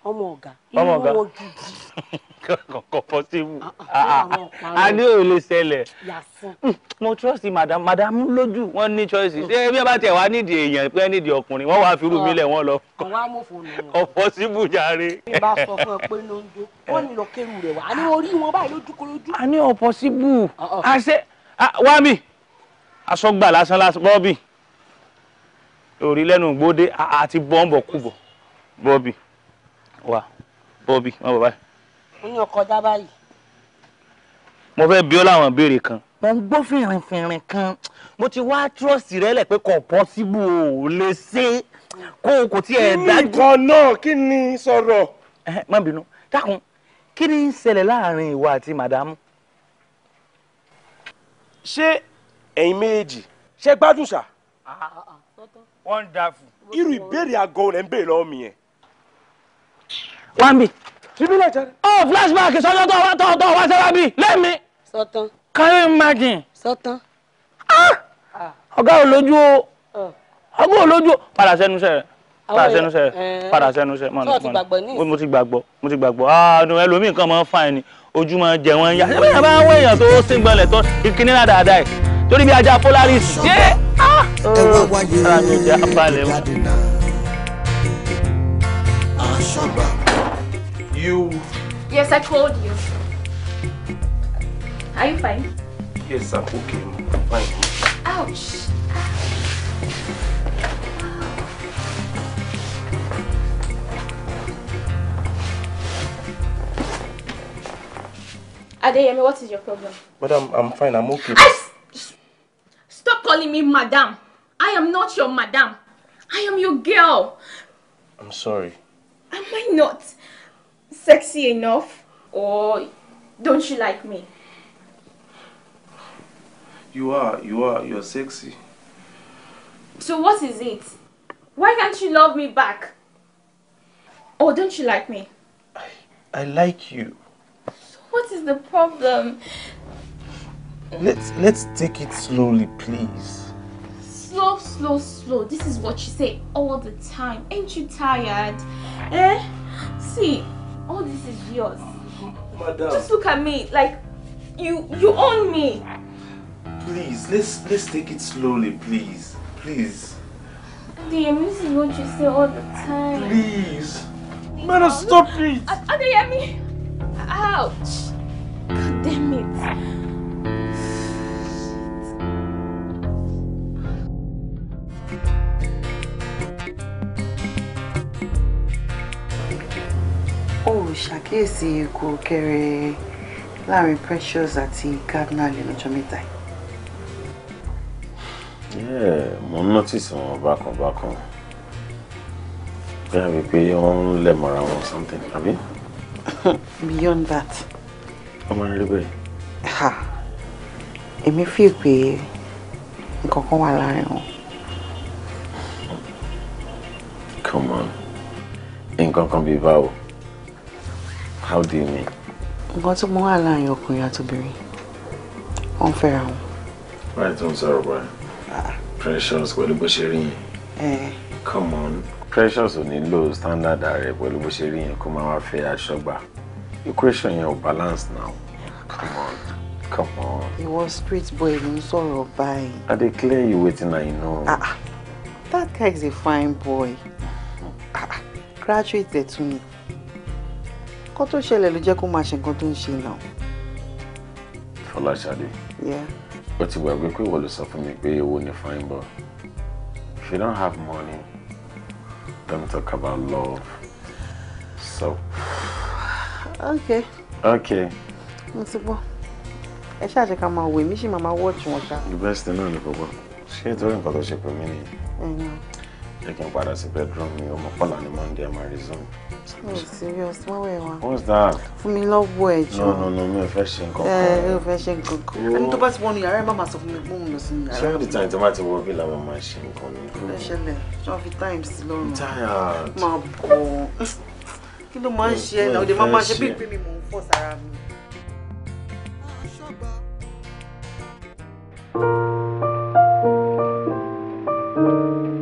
ọmọ ọ̀gá irun wọn gidi. <laughs> kọ̀pọ̀síwù ah, ah, ah, a ní ò lè ṣẹlẹ̀ hmm, mo trust madam madam lójú wọn ní choice ṣé bí ẹ bá tẹ̀ wá nídìí èèyàn pé nídìí ọkùnrin wọn wàá firú mi lẹ̀ wọ́n lọ kọ̀pọ̀síwù jàre. bí bá sọ fún ẹ pé ló ń do wọn ní lọ kẹrù rẹ wá a ní orí wọn báyìí lójú korojú. a ní ọ̀pọ̀síwù a ṣe wá mi asọ́gbà lásán lásán bọ́ọ̀bì orí lẹ́nu gbódé àti bọ́ǹbọ̀ kú bọ̀ bọ́ọ̀bì wá bọ́ọ̀bì wọn bọ̀ báyìí ó ní ọkọ dá báyìí. mo fẹ́ bi ọ́ láwọn ìbéèrè kan. mo ń gbọ́ fìrìnfìrìn kan mo ti wá trọ́ọ̀sì rẹ lẹ̀ pé kò pọ́síbù ò lè ṣe kó o kò tiẹ̀ dájú. nǹkan náà kí ni sọ̀rọ̀. má bínú dákun kí ni ń ṣẹlẹ̀ láàrin ìwọ àti màdámù. ṣé ẹ̀yin méjèèjì ṣe gbádùn ṣá. wonderful. irú ìbéèrè àgọ́ rẹ̀ ń béèrè lọ́wọ́ mi yẹn. wambi fìbílẹ̀ jẹ́. ọ flashback sọjọ́ tó wá tó tó wá sẹ́wá bíi lẹ́mi. sọtán. kárí magin. sọtán. Ah! Ah. ọ̀gá ò lójú o oh. ọgá ò lójú o padà sẹ́nu sẹ́rẹ̀ padà sẹ́nu sẹ́rẹ̀ padà sẹ́nu sẹ́rẹ̀ mọ̀nà mọ̀nà mo ti gbàgbọ́ mo ti gbàgbọ́ ààdùn ah, ẹlòmíì kan máa ń fa ẹni ojú máa jẹ wọn yá ṣẹ́bí yẹn bá ń wọ èèyàn tó sí gbọ́nlẹ̀ tó ìkíní náà dáadáa ẹ̀ torí bí ajá polaris ṣe é ara mi ò jẹ́ abalẹ̀ wọn you. Yes, I called you. Are you fine? Yes, I'm okay. I'm fine. Ouch. Adeyemi, what is your problem? Madam, I'm fine. I'm okay. I Stop calling me madam. I am not your madam. I am your girl. I'm sorry. Am I not? sexy enough or don't you like me? You are, you are, you're sexy. So what is it? Why can't you love me back? Or don't you like me? I, I like you. So what is the problem? Let's, let's take it slowly, please. Slow, slow, slow. This is what you say all the time. Ain't you tired? Eh? See, All this is yours. Madam. Just look at me. Like, you you own me. Please, let's let's take it slowly, please. Please. Adeyemi, this is what you say all the time. Please. Madam, stop it. Adeyemi. Ouch. God damn it. ṣàkíyèsí kò kéré láàrin Precious àti Cardinal lọ́jọ́ mẹ́ta yìí. Yeah, mo notice wọn bákan bákan bóyá wípé wọ́n ń lẹ̀ mọ́ra wọn something àbí. <laughs> beyond that. ọmọ rẹ bẹ́ẹ̀. ha èmi fi pé nǹkan kan wà láàrin wọn. come on nǹkan kan bíi báwo. How do you mean? Nǹkan tó mú wà láàrin ọkùnrin àtobìnrin. Wọ́n ń fẹ́ra wọn. Báyìí tó ń sọ̀rọ̀ báyìí. Ah. Precious pẹ̀lú bó ṣe rí yẹn. Eh. Come on. Precious ò nílò standard rẹ̀ pẹ̀lú bó ṣe rí yẹn kó máa wá fẹ́ aṣọ́gbà. Equation yẹn ò balance now. Come on. Come on. Ìwọ street boy ló ń sọ̀rọ̀ báyìí. I dey clear you wetin I know. Ah, ah. that guy is a fine boy. graduate ẹ̀ tún ni kó tó ṣẹlẹ̀ ló jẹ́ kó máa ṣe nǹkan tó ń ṣe náà. Fọláṣadé. ó ti gbàgbé pé wọ́n ló sọ fún mi pé owó ni fine boy. If you don't have money, don't talk about love. So. okay. okay. mo ti gbọ́ ẹ ṣáà ṣe ká máa wò mí ṣì máa wọ́ọ̀tì wọn ṣá. the best thing náà ni kò gbọ́ ṣé ìtọ́jú nǹkan tó ṣe pé mí nìyí jẹ́ kí n padà sí bedroom mi ọmọ kọ́là ní monday i'm a oh serious wọ́n wẹ̀ wá. what's that. For me, love ẹ̀ no no no Me eh, ò fẹ́ ṣe nǹkan kan. ẹ ò fẹ́ ṣe nǹkan kan. ẹni tó bá ti wọnú yàrá ẹ má máa sọ fún the time tí wọ́n ti wọ bí làwọn máa ṣe nǹkan mi. ẹ ṣẹlẹ̀ time sí lọ́rùn. tired. My bọ̀ kí ló máa ń ṣe ẹ̀ náà òde máa máa ṣe bí ìpín mi mò Thank you.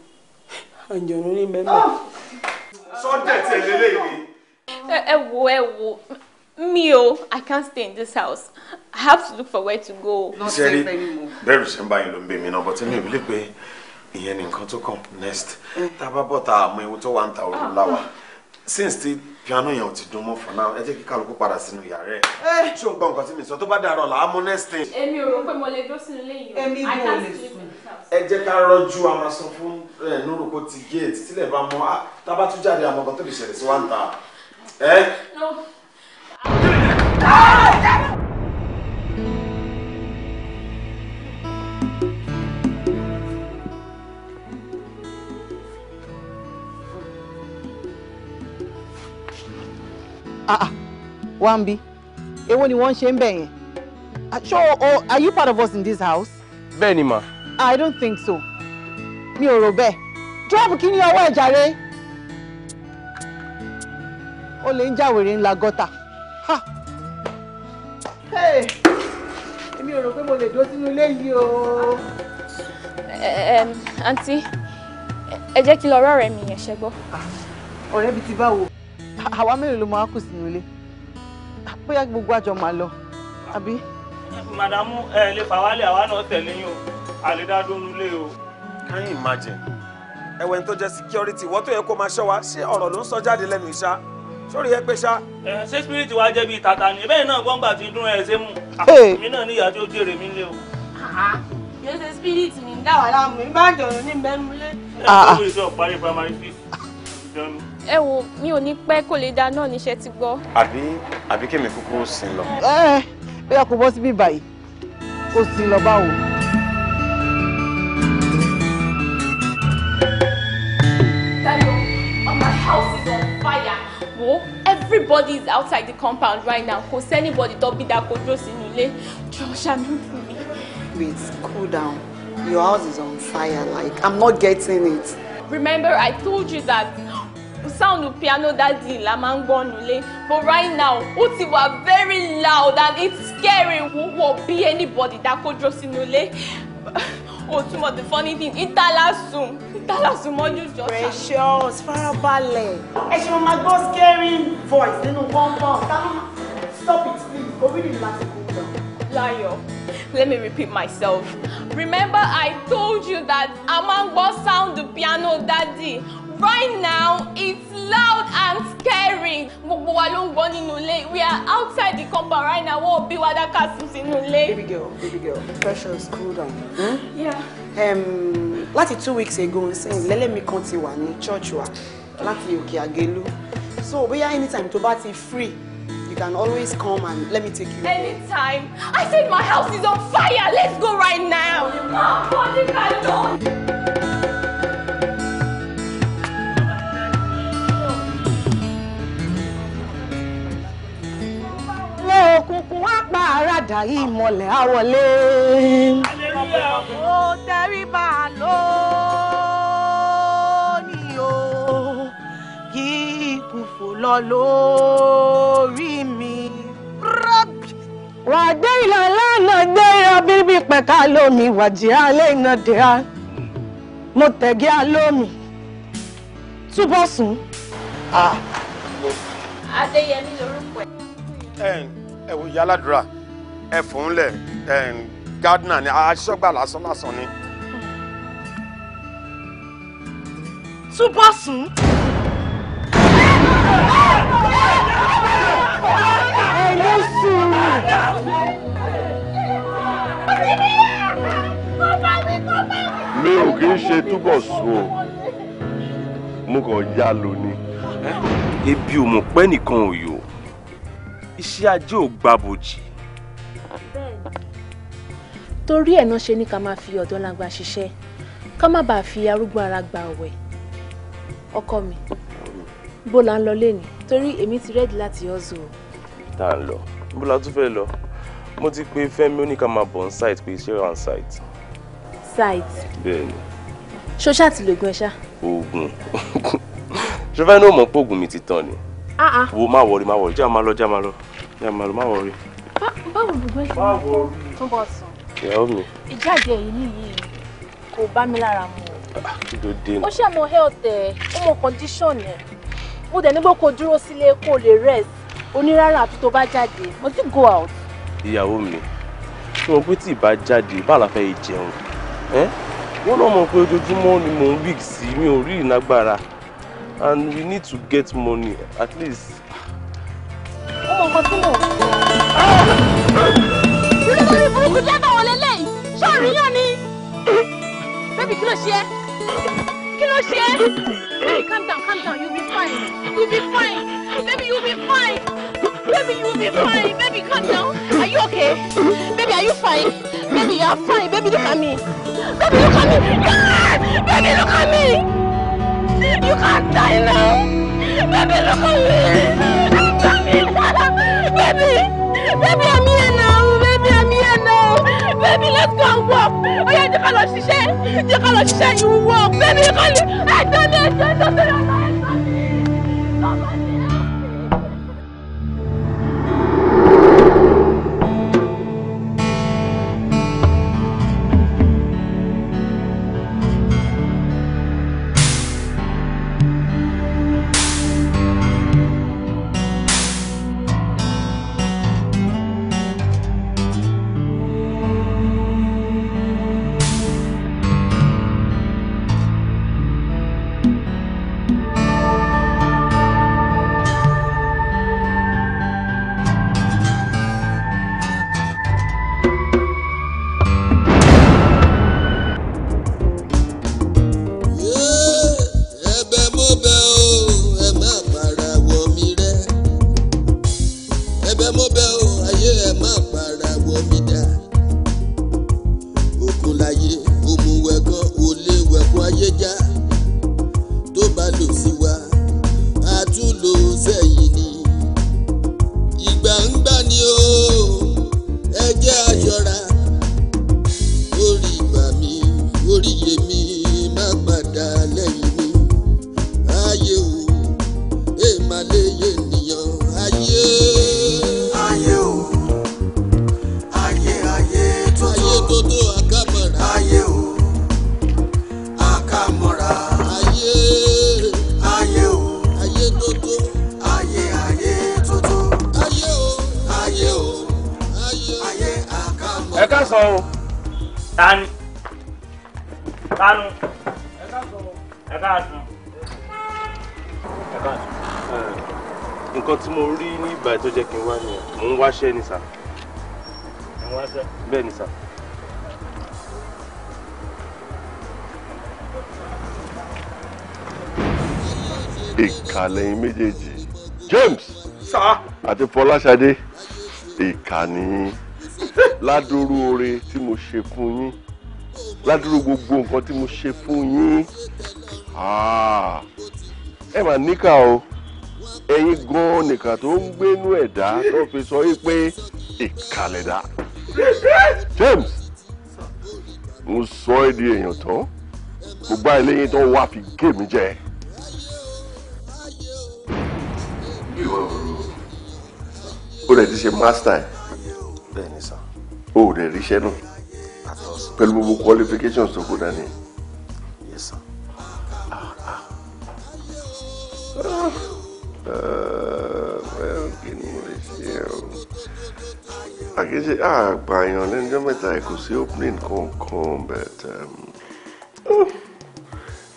àjọ̀nù ní mẹ́mẹ́. sọ́dẹ̀ tí ẹ lélẹ̀ ìwé. ẹ wo ẹ wo mi o i can't stay in this house i have to look for where to go. sẹ́rí bẹ́ẹ̀rù ṣe ń bá yín ló ń bè mí náà bọ́tí mi ò bílẹ̀ pé ìyẹn ni nǹkan tó kàn next tá a bá bọ̀ ta àmọ́ ewu tó wà ń ta òru láwa since ti piano yẹn ò ti dùn mọ́ for now ẹ jẹ́ kí kálukú padà sínú yàrá ẹ̀ ṣé o gbọ́ nǹkan tí mi sọ tó bá dàrọ̀ là mú next thing. èmi ò rò pé mo lè dó sínú ilé o i can't sleep ẹ jẹ́ ká rọ́jú amasan fún nurukó ti gate tílẹ̀ bá mọ́ tábà tún jáde àmọ́ kan tó lè ṣẹlẹ̀ sí wa ń ta. wá ń bí èwo ni wọ́n ń ṣe ń bẹ̀ yẹn so ah, are you part of us in this house. bẹ́ẹ̀ ni I don't think so mi ò rò bẹ́ẹ̀ drop kí ni ọwọ́ ẹ̀ jàre ó lè ń jàwèrè ńlá gọ́tà ha èmi ò rò pé mo lè dó sínú ilé yìí o. àǹtí ẹ jẹ́ kí lọ ọ̀rọ̀ rẹ̀ mi yẹn ṣe gbọ́. ọ̀rẹ́ bíi ti báwo. àwa mélòó ló máa kù sínú ilé bóyá gbogbo àjọ máa lọ àbí. màdàmú ẹ lè fà wálé àwa náà tẹ̀lé yín o àlédádó nulé o. can you imagine ẹ̀wẹ̀ ní tó jẹ́ security ìwọ́n tó yẹ kó máa ṣọ́ wa ṣé ọ̀rọ̀ ló ń sọ jáde lẹ́nu ìṣá sórí ẹ pé ṣá. ẹ ṣé spirit wa jẹ́ bíi tàtà ni bẹ́ẹ̀ náà gbọ́ngbà ti dún ẹ ṣe mú ah, mi náà níyà tí ó jèrè mi lé o. yóò ah, ah. ṣe spirit ni ń dà wá láàmú ìbàdàn ní bẹ́ẹ̀múlé. ẹ kó o ìṣe ọ̀parí primary six ìdáná. ẹ wo mi ò ní pẹ́ kó lè da náà níṣẹ́ ti gbọ́. àbí àbí kémi kúkú sin lọ. ẹ eh, ẹ bóyá kò bọ́ síbí báyìí kò sin lọ báwo. everybody is outside the compound right now kò sẹ́nibọ̀dì tó bí dáko dúró sínú ilé jọ ṣàmì fún mi. wait cool down your house is on fire like i'm not getting it. remember i told you that sound of piano daddy la máa ń gbọ́ nulẹ̀ but right now ó ti wà very loud and it's scary wò wò bí anybody dáko dúró sínú ilé. Oh, o túmọ̀ the funny thing ìtàlásùn ìtàlásùn mọ́jú jọ. precious farabalẹ̀. ẹ ṣe máa gbọ́ scaring voice nínú pọ́npọ́n stop it please orí mi láti kú lọ. Láyọ̀. Let me repeat myself. Remember, I told you that Amangbo sound the piano daddy. Right now, it's loud and scary. gbogbo wa ló ń gbọ́ nínú ilé we are outside the compound right now wọ́n bí wàdà kà sùn sínú ilé. baby girl baby girl precious cool down. Hmm? Yeah. Um, láti two weeks ago nsìn lẹ́lẹ́mi kan ti wà ní church wa láti òkè àgélú so bóyá anytime tó bá ti free you can always come and let me take you. anytime I said my house is on fire let's go right now. ọ̀nìkan ló. apá àràdà yìí mọ̀lẹ́ á wọlé. ó tẹríba lónìí o kí ìkùfò lọ lórí mi. wà á dé ìlànà àná dé abíbí pẹ̀ka lómi wàjẹ́ alẹ́ iná dẹ́ra mo tẹ̀gẹ́ alómi túbọ̀ sùn. Ah. Adéyẹmí lorúkọ ẹ̀ ẹ wo yálàdúrà ẹ fòun lẹ ẹ gardener ni aṣọ́gbà lásán lásán ni. túbọ̀ sùn. ẹni mi ò kì í ṣe túbọ̀ sùn o mo kàn yá lónìí. ebi ò mọ̀ pẹ́ nìkan ò yó iṣẹ́ ajé ò gbàbòjì. torí ẹ̀ náà ṣe ni ká máa fi ọ̀dọ́langba ṣiṣẹ́ ká má bàa fi arúgbó ara gba ọ̀wẹ́ ọkọ mi bó la ń lọ léni torí èmi ti rẹ́ẹ̀dì láti ọ̀zọ̀ o. tá a lọ bó la tún fẹ́ lọ mo ti pe Fẹ́mi ó ní ká máa bọ̀ on site pé iṣẹ́ on site. site. bẹ́ẹ̀ni. ṣoṣá ti lo oògùn ẹ ṣá. oògùn <laughs> ṣọfẹ́ ní ò pé oògùn mi ti tán ni. Ah, ah. wo má wọrí má wọrí já máa lọ já máa lọ já máa lọ má wọrí. báwo ló gbé ṣe tó bọ̀ sùn. ìyàwó mi. ìjáde yìí nìyí kò bá mi lára mu o. Ah, kí ló dé nù. ó health ẹ ó mọ condition ẹ mo dẹ̀ nígbà kó dúró sílé kó lè rest onírárá àti tó bá jáde mo ti go out. ìyàwó mi ṣé wọn pé tí ìbá jáde bá la fẹ́ jẹun wọn náà mọ̀ pé ojoojúmọ́ ni mò ń wíìgì sí mi ò rí ìnagbára and we need to get money at least. ọmọ nǹkan tí mò ń sọ. nítorí burúkú dẹ́gbà wọn lélẹ́yìí ṣọ́ọ̀rì yàn ni. bébì kí ló ṣe é kí ló ṣe é. calm down calm down you'll be fine you'll be fine baby you'll be fine baby you'll be fine baby calm down are you okay baby are you fine baby you are fine baby look at me baby look at me God baby look at me. You can't die now. Baby, look away. Baby, baby, baby, I'm here now. Baby, I'm here now. Baby, let's go walk. Oh yeah, jẹ́ ká lọ ṣiṣẹ́. Jẹ́ ká lọ ṣiṣẹ́. You walk. Baby, call it. I don't know. I don't know. bẹ́ẹ̀ ni sà. ẹ̀wọ̀n sà. ìkàlẹ́yìn méjèèjì James àti Fọláṣadé ìkànnì ládùúrú oore tí mo ṣe fún yín ládùúrú gbogbo nǹkan tí mo ṣe fún yín ah. ẹ mà níkà o ẹ̀yin gan nìkan tó ń gbénú ẹ̀dá tó fi sọ wípé ìkàlẹ̀dá James mo sọ ẹ́ di èèyàn tán gbogbo àìlẹ́yìn tó wá fi gé mi jẹ. o rẹ̀ ti ṣe master ẹ̀. bẹ́ẹ̀ni sá. o rẹ̀ ríṣẹ́ náà. pẹ̀lú gbogbo qualifications tó kó dání. yes sir. Ah, ah. Ah àkíyèsí àgbàyàn lẹ́jọ́ mẹ́ta kò sí opening kankan but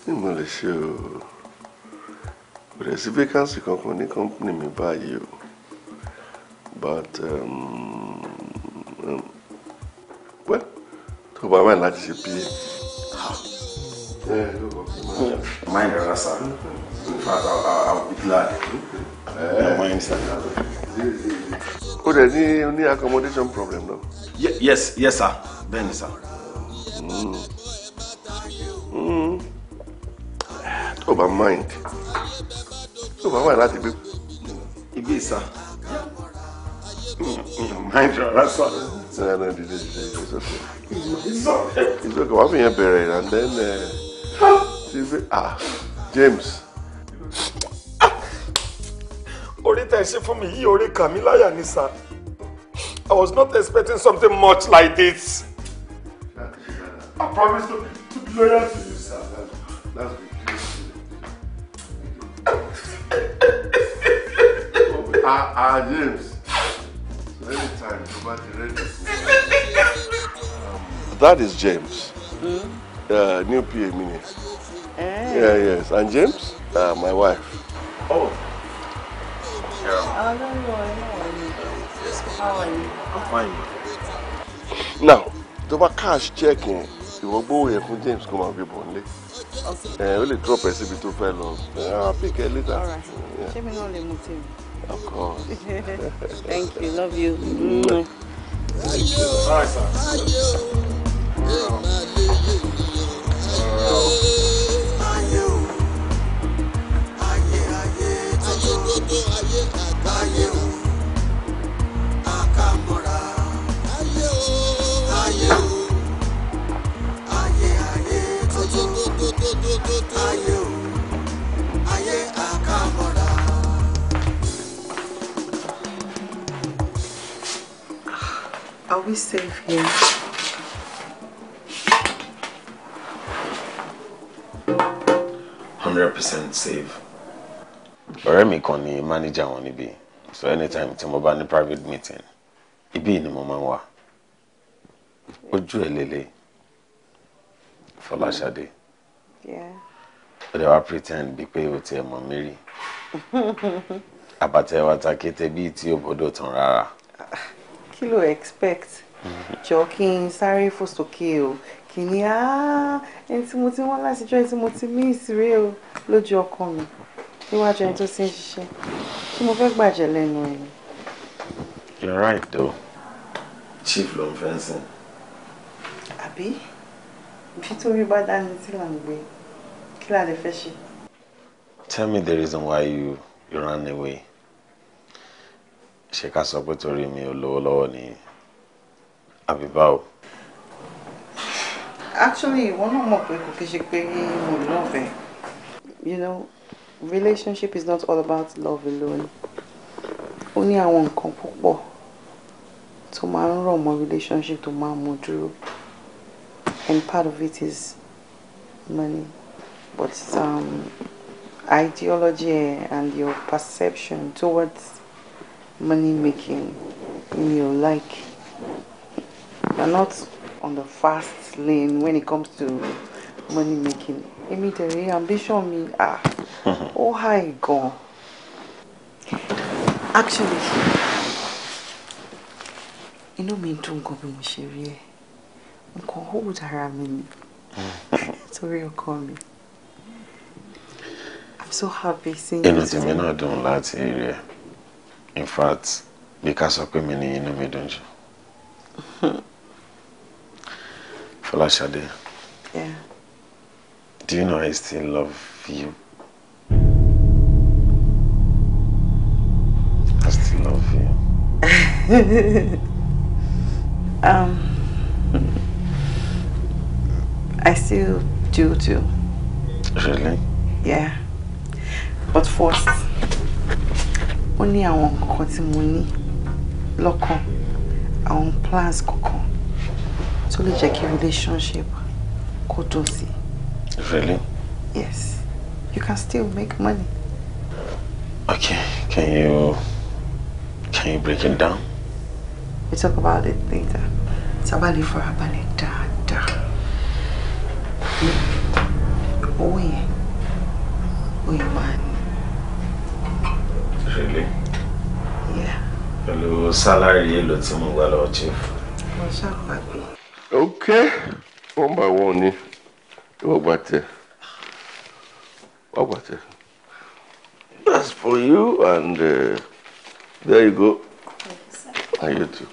ní mo lè ṣe o but dẹ̀ sí vacancy kankan ní company mi báyìí o but um, um, well tó bá wà láti ṣe pa. Mind your fact I, I, I be glad. Okay. Uh, eh. mind, sir. o accommodation problem no. Ye yes yes sir Ben, ni sir. Hmm. Hmm. tó o bá mind tó o bá wà láti gbé. ibi ìsà. Hmm. mind rárá sọ. No, no, this okay. It's okay. It's okay. Wàá fi yẹn and then. Ṣé eh, ah James. tẹ́ ẹ ṣe fún mi yìí orí kà mí láyà ni sà I was not expecting something much like this. I promise to, to be loyal to you, sir. That's good. Ah, ah, James. So anytime you want to ready. That is James. Hmm? Uh, new PA minister. Eh. Yeah, yes. And James, uh, my wife. Oh. Uh, no, no, no. How are you? I'm fine. Now, tó bá cash check yẹn, ìwọ gbówó yẹn fún James kó máa fi bọ̀ nílé. Ẹ ó lè drop ẹ síbi tó fẹ́ lọ. Ẹ á pick ẹ later. Ṣé mi náà lè mú tèmi? Of course. <laughs> Thank you, love you. Mm. Thank you. All right, sir. Wow. Wow. Are we safe here? Hundred percent safe. ọ̀rẹ́ mi kan ni manager wọn níbí so anytime tí mo bá ní private meeting ibí ni mo máa ń wà ojú ẹ̀ lélẹ̀ Fọláṣadé ó dẹ̀ wá pretend bíi pé o tiẹ̀ mọ̀ mí rí àbàtẹ̀ wa ta kété bíi tí o bọ́dọ̀ tán rárá. kí ló expect jọ kí n sáré fò sókè o kì í ní ah, ẹni tí mo ti wọ́n láti jọ́ ẹni tí mo ti mí ìsíré o lójú ọkọ mi níwájú ẹni tó ti ń ṣiṣẹ́ tí mo fẹ́ gbàjẹ́ lẹ́nu ẹ̀ ni. you're right though chief ló ń fẹ́ sìn. àbí ìfi tó rí bá dání tí là ń gbé kí là lè fẹ́ ṣe. tell me the reason why you you ran away ṣe ká sọ pé torí mi ò lówó lọ́wọ́ ni àbí báwo. actually ìwọ náà mọ̀ pé kò kí ṣe pé mo lọ́ọ̀bẹ you know relationship is not all about love alone ó ní àwọn nǹkan púpọ̀ tó máa ń rọ̀ mọ́ relationship tó máa ń mú dúró and part of it is money but um, ideology and your perception towards money making in your like you're not on the fast lane when it comes to money making èmi tẹ̀lé ambition mi ah <laughs> ó high gan. actually inú mi dùn gan bí mo ṣe rí ẹ nǹkan hold ara mi ni torí hmm. <laughs> ọkọ mi i'm so happy seeing you. inú tèmi náà dùn láti rí ẹ in fact bí ká sọ pé mi ni inú mi dùn jù. <laughs> Fọláṣadé. Yeah. Do you know I still love you? I still love you. <laughs> um, I still do too. Really? Yeah. But first, only I want to money, mo ní lọ́kàn, àwọn plans kankan So let's check kí relationship kotosi. Really? Yes. You can still make money. Okay. Can you can you break it down? We talk about it later. Sabali for Abale Dada. Oh yeah. Oh yeah, man. Really? Yeah. Hello, salary lo ti mo wa lo chief. Okay. One by one. Yeah. What about it? What about it? That's for you, and uh, there you go. You, and you too.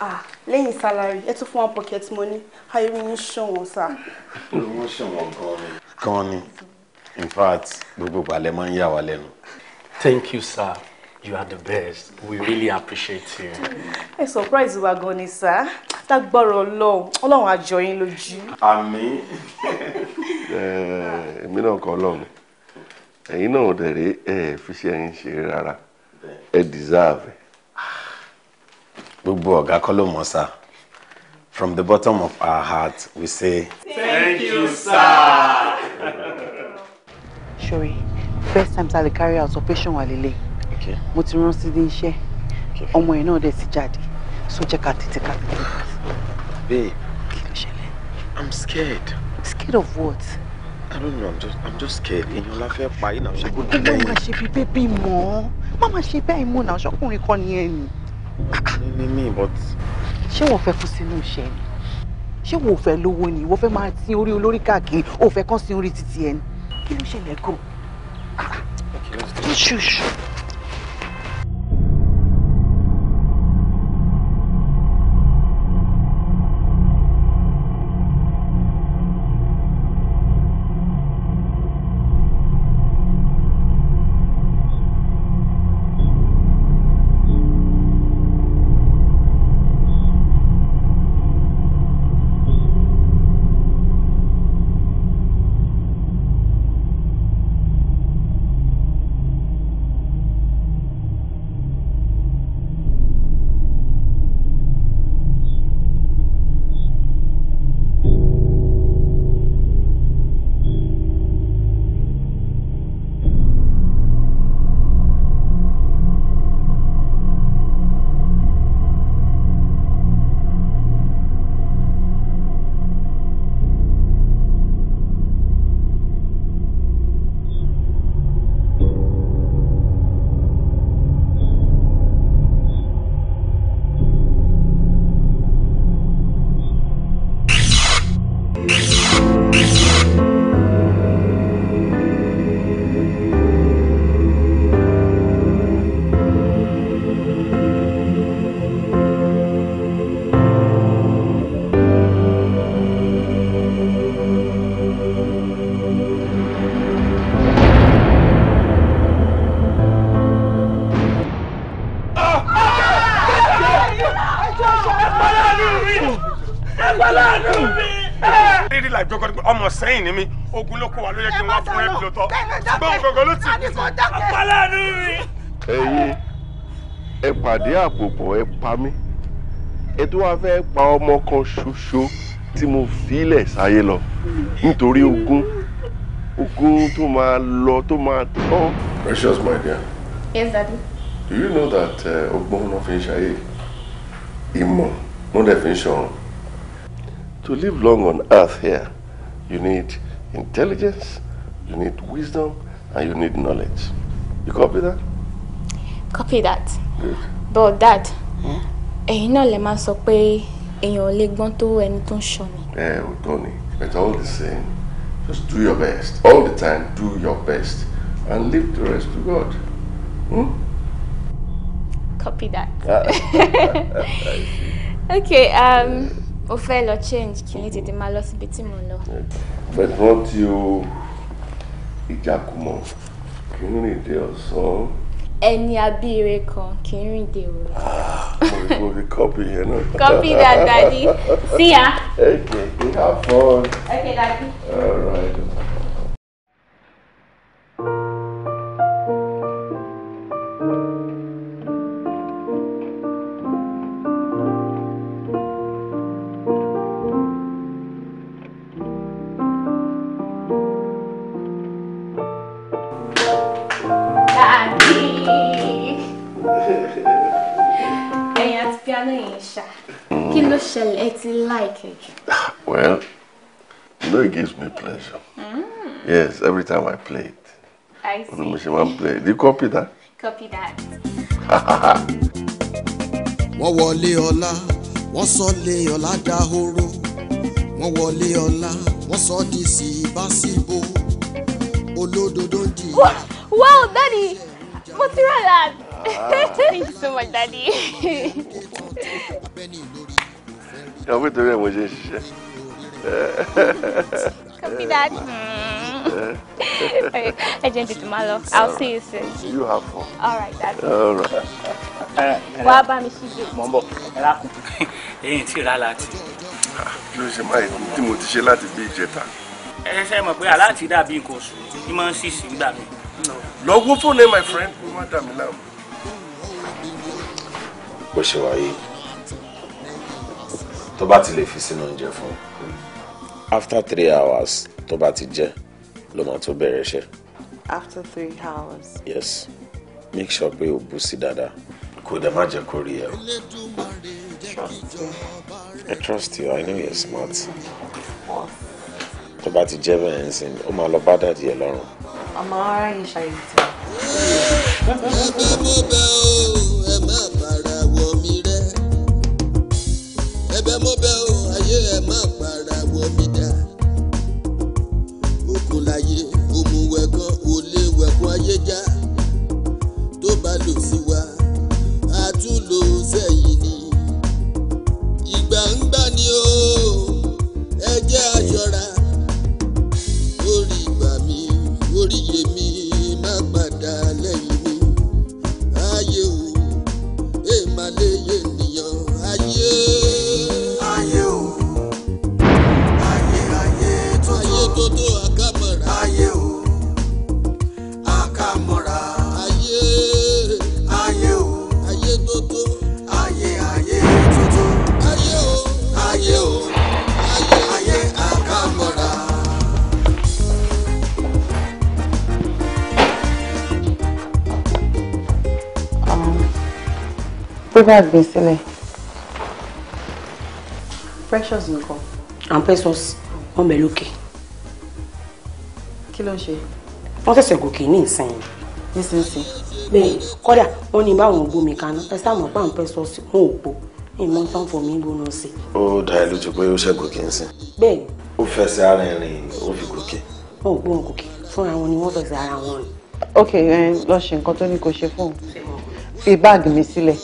Ah, lẹ́yìn salary, It's for fún pocket money. Ayọ̀rẹ́ yín ṣọ̀wọ́n sá. Olùwọ́n ṣọ̀wọ́n gan ni. Gan ni. In fact, gbogbo ìgbà lẹ máa ń Thank you, sir you are the best we really appreciate you. ẹ surprise you are ni sir. That borrow ọlọ́run á jọ yín lójú. àmín. èmi náà kọ ọlọ́run ẹ̀yin náà dẹ̀ rí ẹ fi ṣe ẹyin ṣe rárá deserve. gbogbo ọ̀gá kọ́ ló sir. from the bottom of our heart we say. thank you sir. Shuri, first time ta le carry out operation wa lele mo ti rán sí ní ọmọ yẹn náà dẹ̀ ti jáde so jẹ́ ká tètè ká babe kí ló ṣẹlẹ̀. i'm scared. scared of what. i don't know i'm just i'm just scared èèyàn la fẹ́ pa yín náà ṣe kó dùn mọ́. má máa ṣe bíi bébí mọ́ má máa ṣe bẹ́ẹ̀ mọ́ náà ṣọkùnrin kọ́ ni ẹ nì. ní ní mi but. ṣé wọ́n fẹ́ kú sínú iṣẹ́ ni ṣé wọ́n fẹ́ lówó ni wọ́n fẹ́ máa sin orí olórí káàkiri ó fẹ́ kán sin orí títí ẹni kí ló ṣẹlẹ̀ gan-an. ṣùṣù. pàdé àpòpọ̀ ẹ pa mí ẹ tó wá fẹ́ pa ọmọ kan ṣoṣo tí mo filẹ̀ sáyé lọ nítorí ogún ogún tó máa lọ tó máa tán. precious my dear. yes daddy. do you know that ọgbọ́n eh, náà fi ń ṣayé ìmọ̀ náà dẹ̀ fi ń ṣọ̀run. to live long on earth here you need intelligence you need wisdom and you need knowledge. You copy that? Copy that. Good but dad hmm? ẹ̀yin náà lè máa sọ pé èèyàn ò lè gbọ́n tó ẹni tó ń ṣọ́ni. ẹ eh, ò tó ni but all the same just do your best all the time do your best and leave the rest to God. Hmm? Copy that. Ah, ah, ah, <laughs> okay um, eh. mo fẹ́ lọ change kí ni tètè máa lọ síbi tí mo lọ. Eh, but rántí you, ìjàkùmọ̀ kí n rìn dé ọ̀sán ẹni abíire kan kì í rìn dé orí. Ah, mo rí kọ́pì yẹn náà. copy that daddy see ya. <laughs> okay we have fun. okay daddy. all right. how I play it. I see. play it. Do you copy that? <laughs> Copy that. <laughs> Wọ́n wọlé ọlá, wọ́n sọ lé ọlá dahoro. Wọ́n wọlé ọlá, wọ́n sọ di sí ìbásíbo. Olódodo di. Wow, Daddy! Mo ti rà that. Ah. <laughs> Thank you so much, Daddy. Ìyàwó ìtòrí ẹ̀ mo ṣe ṣiṣẹ́. Copy that. Agent, it's Malo. I'll see you soon. You have fun. All right, Dad. All right. Eh, eh. Wàá bá mi ṣíjú. Mọ̀ ń bọ̀. Ẹyin <laughs> tí lálá ti. Kí ló ṣe máa yẹ tí mo ti ṣe láti bí ìjẹta? Ẹ ṣe mọ̀ pé aláàtì dàbí nǹkan oṣù ní máa ń ṣìṣì gbà mí. Lọ wo fóònù ẹ my friend, kó má dà mí láàmú. Bó ṣe wáyé, tó bá ti lè fi sínú oúnjẹ fún un after three hours tó bá ti jẹ́ ló máa tó bẹ̀rẹ̀ iṣẹ́. after three hours. yes make sure pé o bù sí dáadáa kó dẹ̀ má jẹ́ kó rí ẹ o. I trust you I know you're smart. tó bá ti jẹ́ bẹ́ẹ̀ ń sìn ó máa lọ bá dàdí ẹ lọ́rùn. àmọ́ ara yìí ṣàyẹ̀tì. gbàgbé sílẹ̀. Eh? precious nǹkan. àwọn precious wọn bẹ lókè. kí ló ń ṣe. wọ́n ṣẹ̀ṣẹ̀ gòkè ní ìsìn nísinsìn. bẹ́ẹ̀ kọ́dà wọ́n ní báwọn gbómi kaná ẹ sáà mọ̀ pé àwọn precious wọn ò po ìmọ̀ tán fòmí gbóná sí. ó dá ẹ lójú pé ó ṣe gòkè ń sìn. bẹ́ẹ̀ ni. ó fẹsẹ̀ ara ẹ̀ rìn ó fi gòkè. wọn ò gbóhùn gòkè fúnra wọn ni wọ́n fẹsẹ̀ ara wọn rìn. ok lọ ṣe nǹkan tó ní kó ṣe fún un fi báàgì mi sílẹ̀.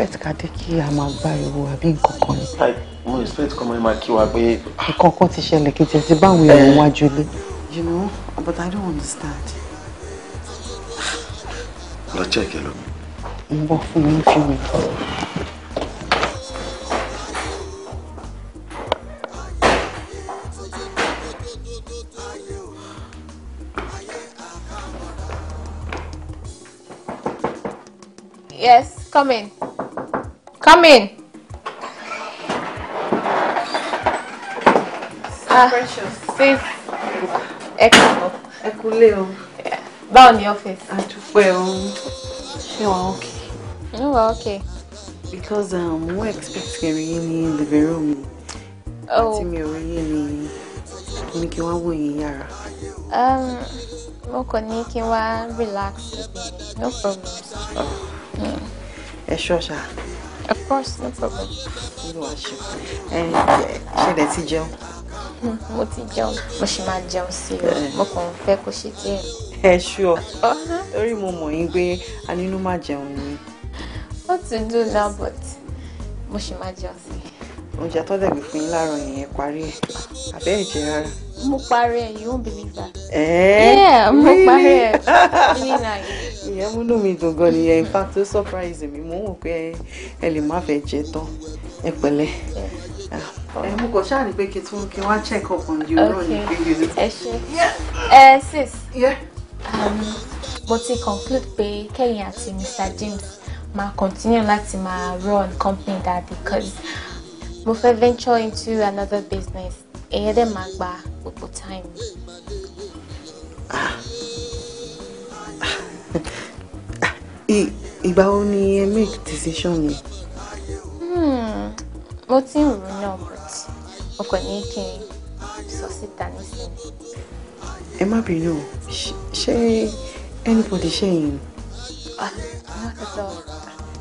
expect ká dé a máa gba ìwo àbí nǹkan kan ni. mo expect kọ́ ẹ máa kí wa pé. nǹkan kan ti ṣẹlẹ̀ kí tẹ̀sí báwọn èèyàn eh. wájú ilé. you know but i don't understand. lọ check ẹ lọ. ń bọ̀ fún mi fún mi. Yes, come in. Come in. So ah, precious. Sis. Ẹ̀kọ́. Ẹ kú Down in Báwo ni I Àdúpẹ́ o. You are okay? You are okay? Because um, wọ́n expect kẹrin yín ní living room Oh. Àti mi ò rí yín ní um, ní kí wọ́n wò yín yàrá. Mo kàn relax. No problem. Oh. Hmm. Ẹ ṣọ́ṣà. Of course, no problem. Ṣé lè ti jẹun? Hmm, mo ti jẹun, mo ṣì máa jẹun sí o, eh. mo kàn ń fẹ́ kó ṣe díẹ̀. Ẹ ṣúọ, uh-huh. torí mo mọ̀ yín pé anínú máa jẹun ni. Ó ti dùn náà, but mo ṣì máa jẹun sí i oúnjẹ tó dẹ̀gbẹ̀ fún yín láàárọ̀ yẹn parí ẹ̀ àbẹ́ ẹ̀jẹ̀ rárá. mo parí ẹ you won't believe that. ẹ̀ẹ́ mo parí ẹ <laughs> really nice. ìyẹn múnú mi dùn gan nìyẹn in fact ó surprise mi mo ń wò pé ẹ lè má fẹ́ jẹ tán ẹ pẹ̀lẹ́ ẹ mú kọ ṣáà ní pé kí tún kí wá check up on the ọ̀rọ̀ ní pé ẹ ṣe ẹ sis um, mo ti conclude pé kẹ́yìn àti Mr. James máa continue láti máa run company that because mo fẹ́ venture into another business ìyẹn dẹ̀ máa gba gbogbo time. ìgbà wo ni ẹ make decision yẹn. Hmm, mo ti ń rò náà but mo kàn ní kí n sọ síta nísìnyí. ẹ má bínú ṣé anybody ṣẹ́yìn. Ah, not at all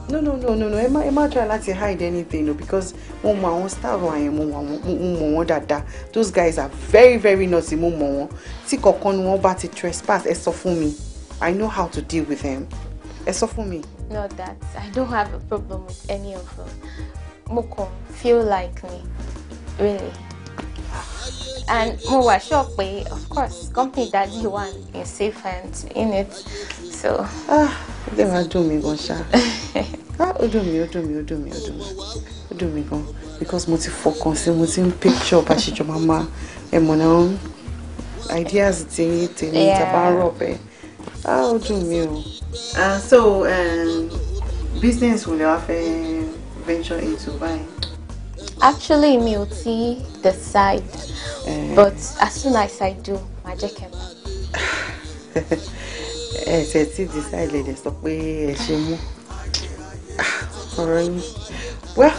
no no no no no ẹ má ẹ má try láti hide anything no. because mo mọ àwọn staff wọn yẹn mo mọ wọn dáadáa those guys are very very naughty mo mọ wọn tí kọ̀ọ̀kan ni wọ́n bá ti trespass ẹ sọ fún mi i know how to deal with them ẹ sọ fún mi. not that i don't have a problem with any of them mo kàn feel like me really and mo wà sure pé of course company daddy wa in safe hands in it so. Uh, dẹ̀ máa dùn mí gan ṣá <laughs> ah, ó dùn mí ó dùn mí ó dùn mí ó dùn mí gan because mo ti fọkàn sí mo ti ń picture bá ṣe jọ máa ma ẹ̀mọ̀ náà ideas ti tèmi tàbá ń rọ̀ bẹ́ẹ̀ á ah, ó dùn mí o. Ah, so um, business wo lè wá fẹ́ venture into buy? Actually, mi ò ti decide, eh. but as soon as I do, máa jẹ́ kẹ́ <laughs> ẹ tí decide lè sọ pé ẹ ṣe mú ọ̀rọ̀ yín well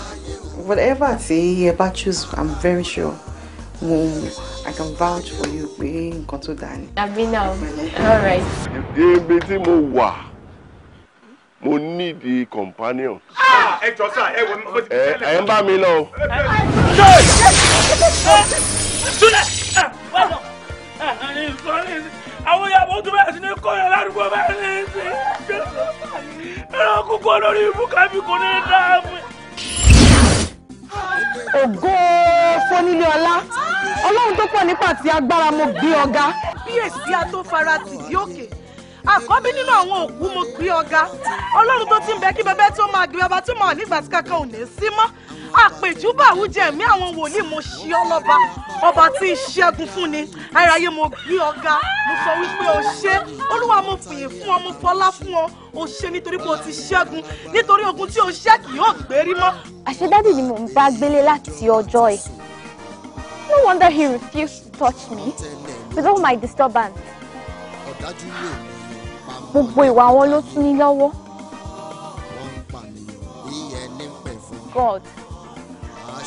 whatever tí ẹ bá choose i'm very sure mo i can vouch for you pé nǹkan tó dáa ni. àbí náà all right. ibi tí mo wà mo need a companion. ẹ jọ sá ẹ wọ mi. ẹ ẹ ń bá mi lọ. kọ́ra ládùúgbò bá ń lè ṣe ẹranko kọ́ lórí ibùkábí kò ní dáàmú. ògo fónílé ọlá ọlọ́run tó pọ̀ nípa ti agbára mo gbé ọ̀gá. kíyèsí a tó fara tìdí òkè àkọ́bí nínú àwọn òkú mo gbé ọ̀gá ọlọ́run tó ti ń bẹ kí bẹbẹ tó máa gbé bàbá tó máa nígbà tí kankan ò ní sí mọ́ àpèjúbà àwùjẹ ẹ̀mí àwọn wòlíì mo ṣe ọ́ lọ́ba ọba tí ń ṣẹ́gun fún ni aráyé mo gbé ọ̀gá mo sọ wípé o ṣe olúwa mo fìyìn fún ọ mo fọlá fún ọ o ṣe nítorí pé o ti ṣẹ́gun nítorí ogun tí o ṣẹ́ kì yóò gbérí mọ́. àṣedádì ni mò ń bá gbélé láti ọjọ́ ẹ̀ no wonder he refused to touch me with all my disturbance. gbogbo ìwà wọn ló tún ní lọ́wọ́. God.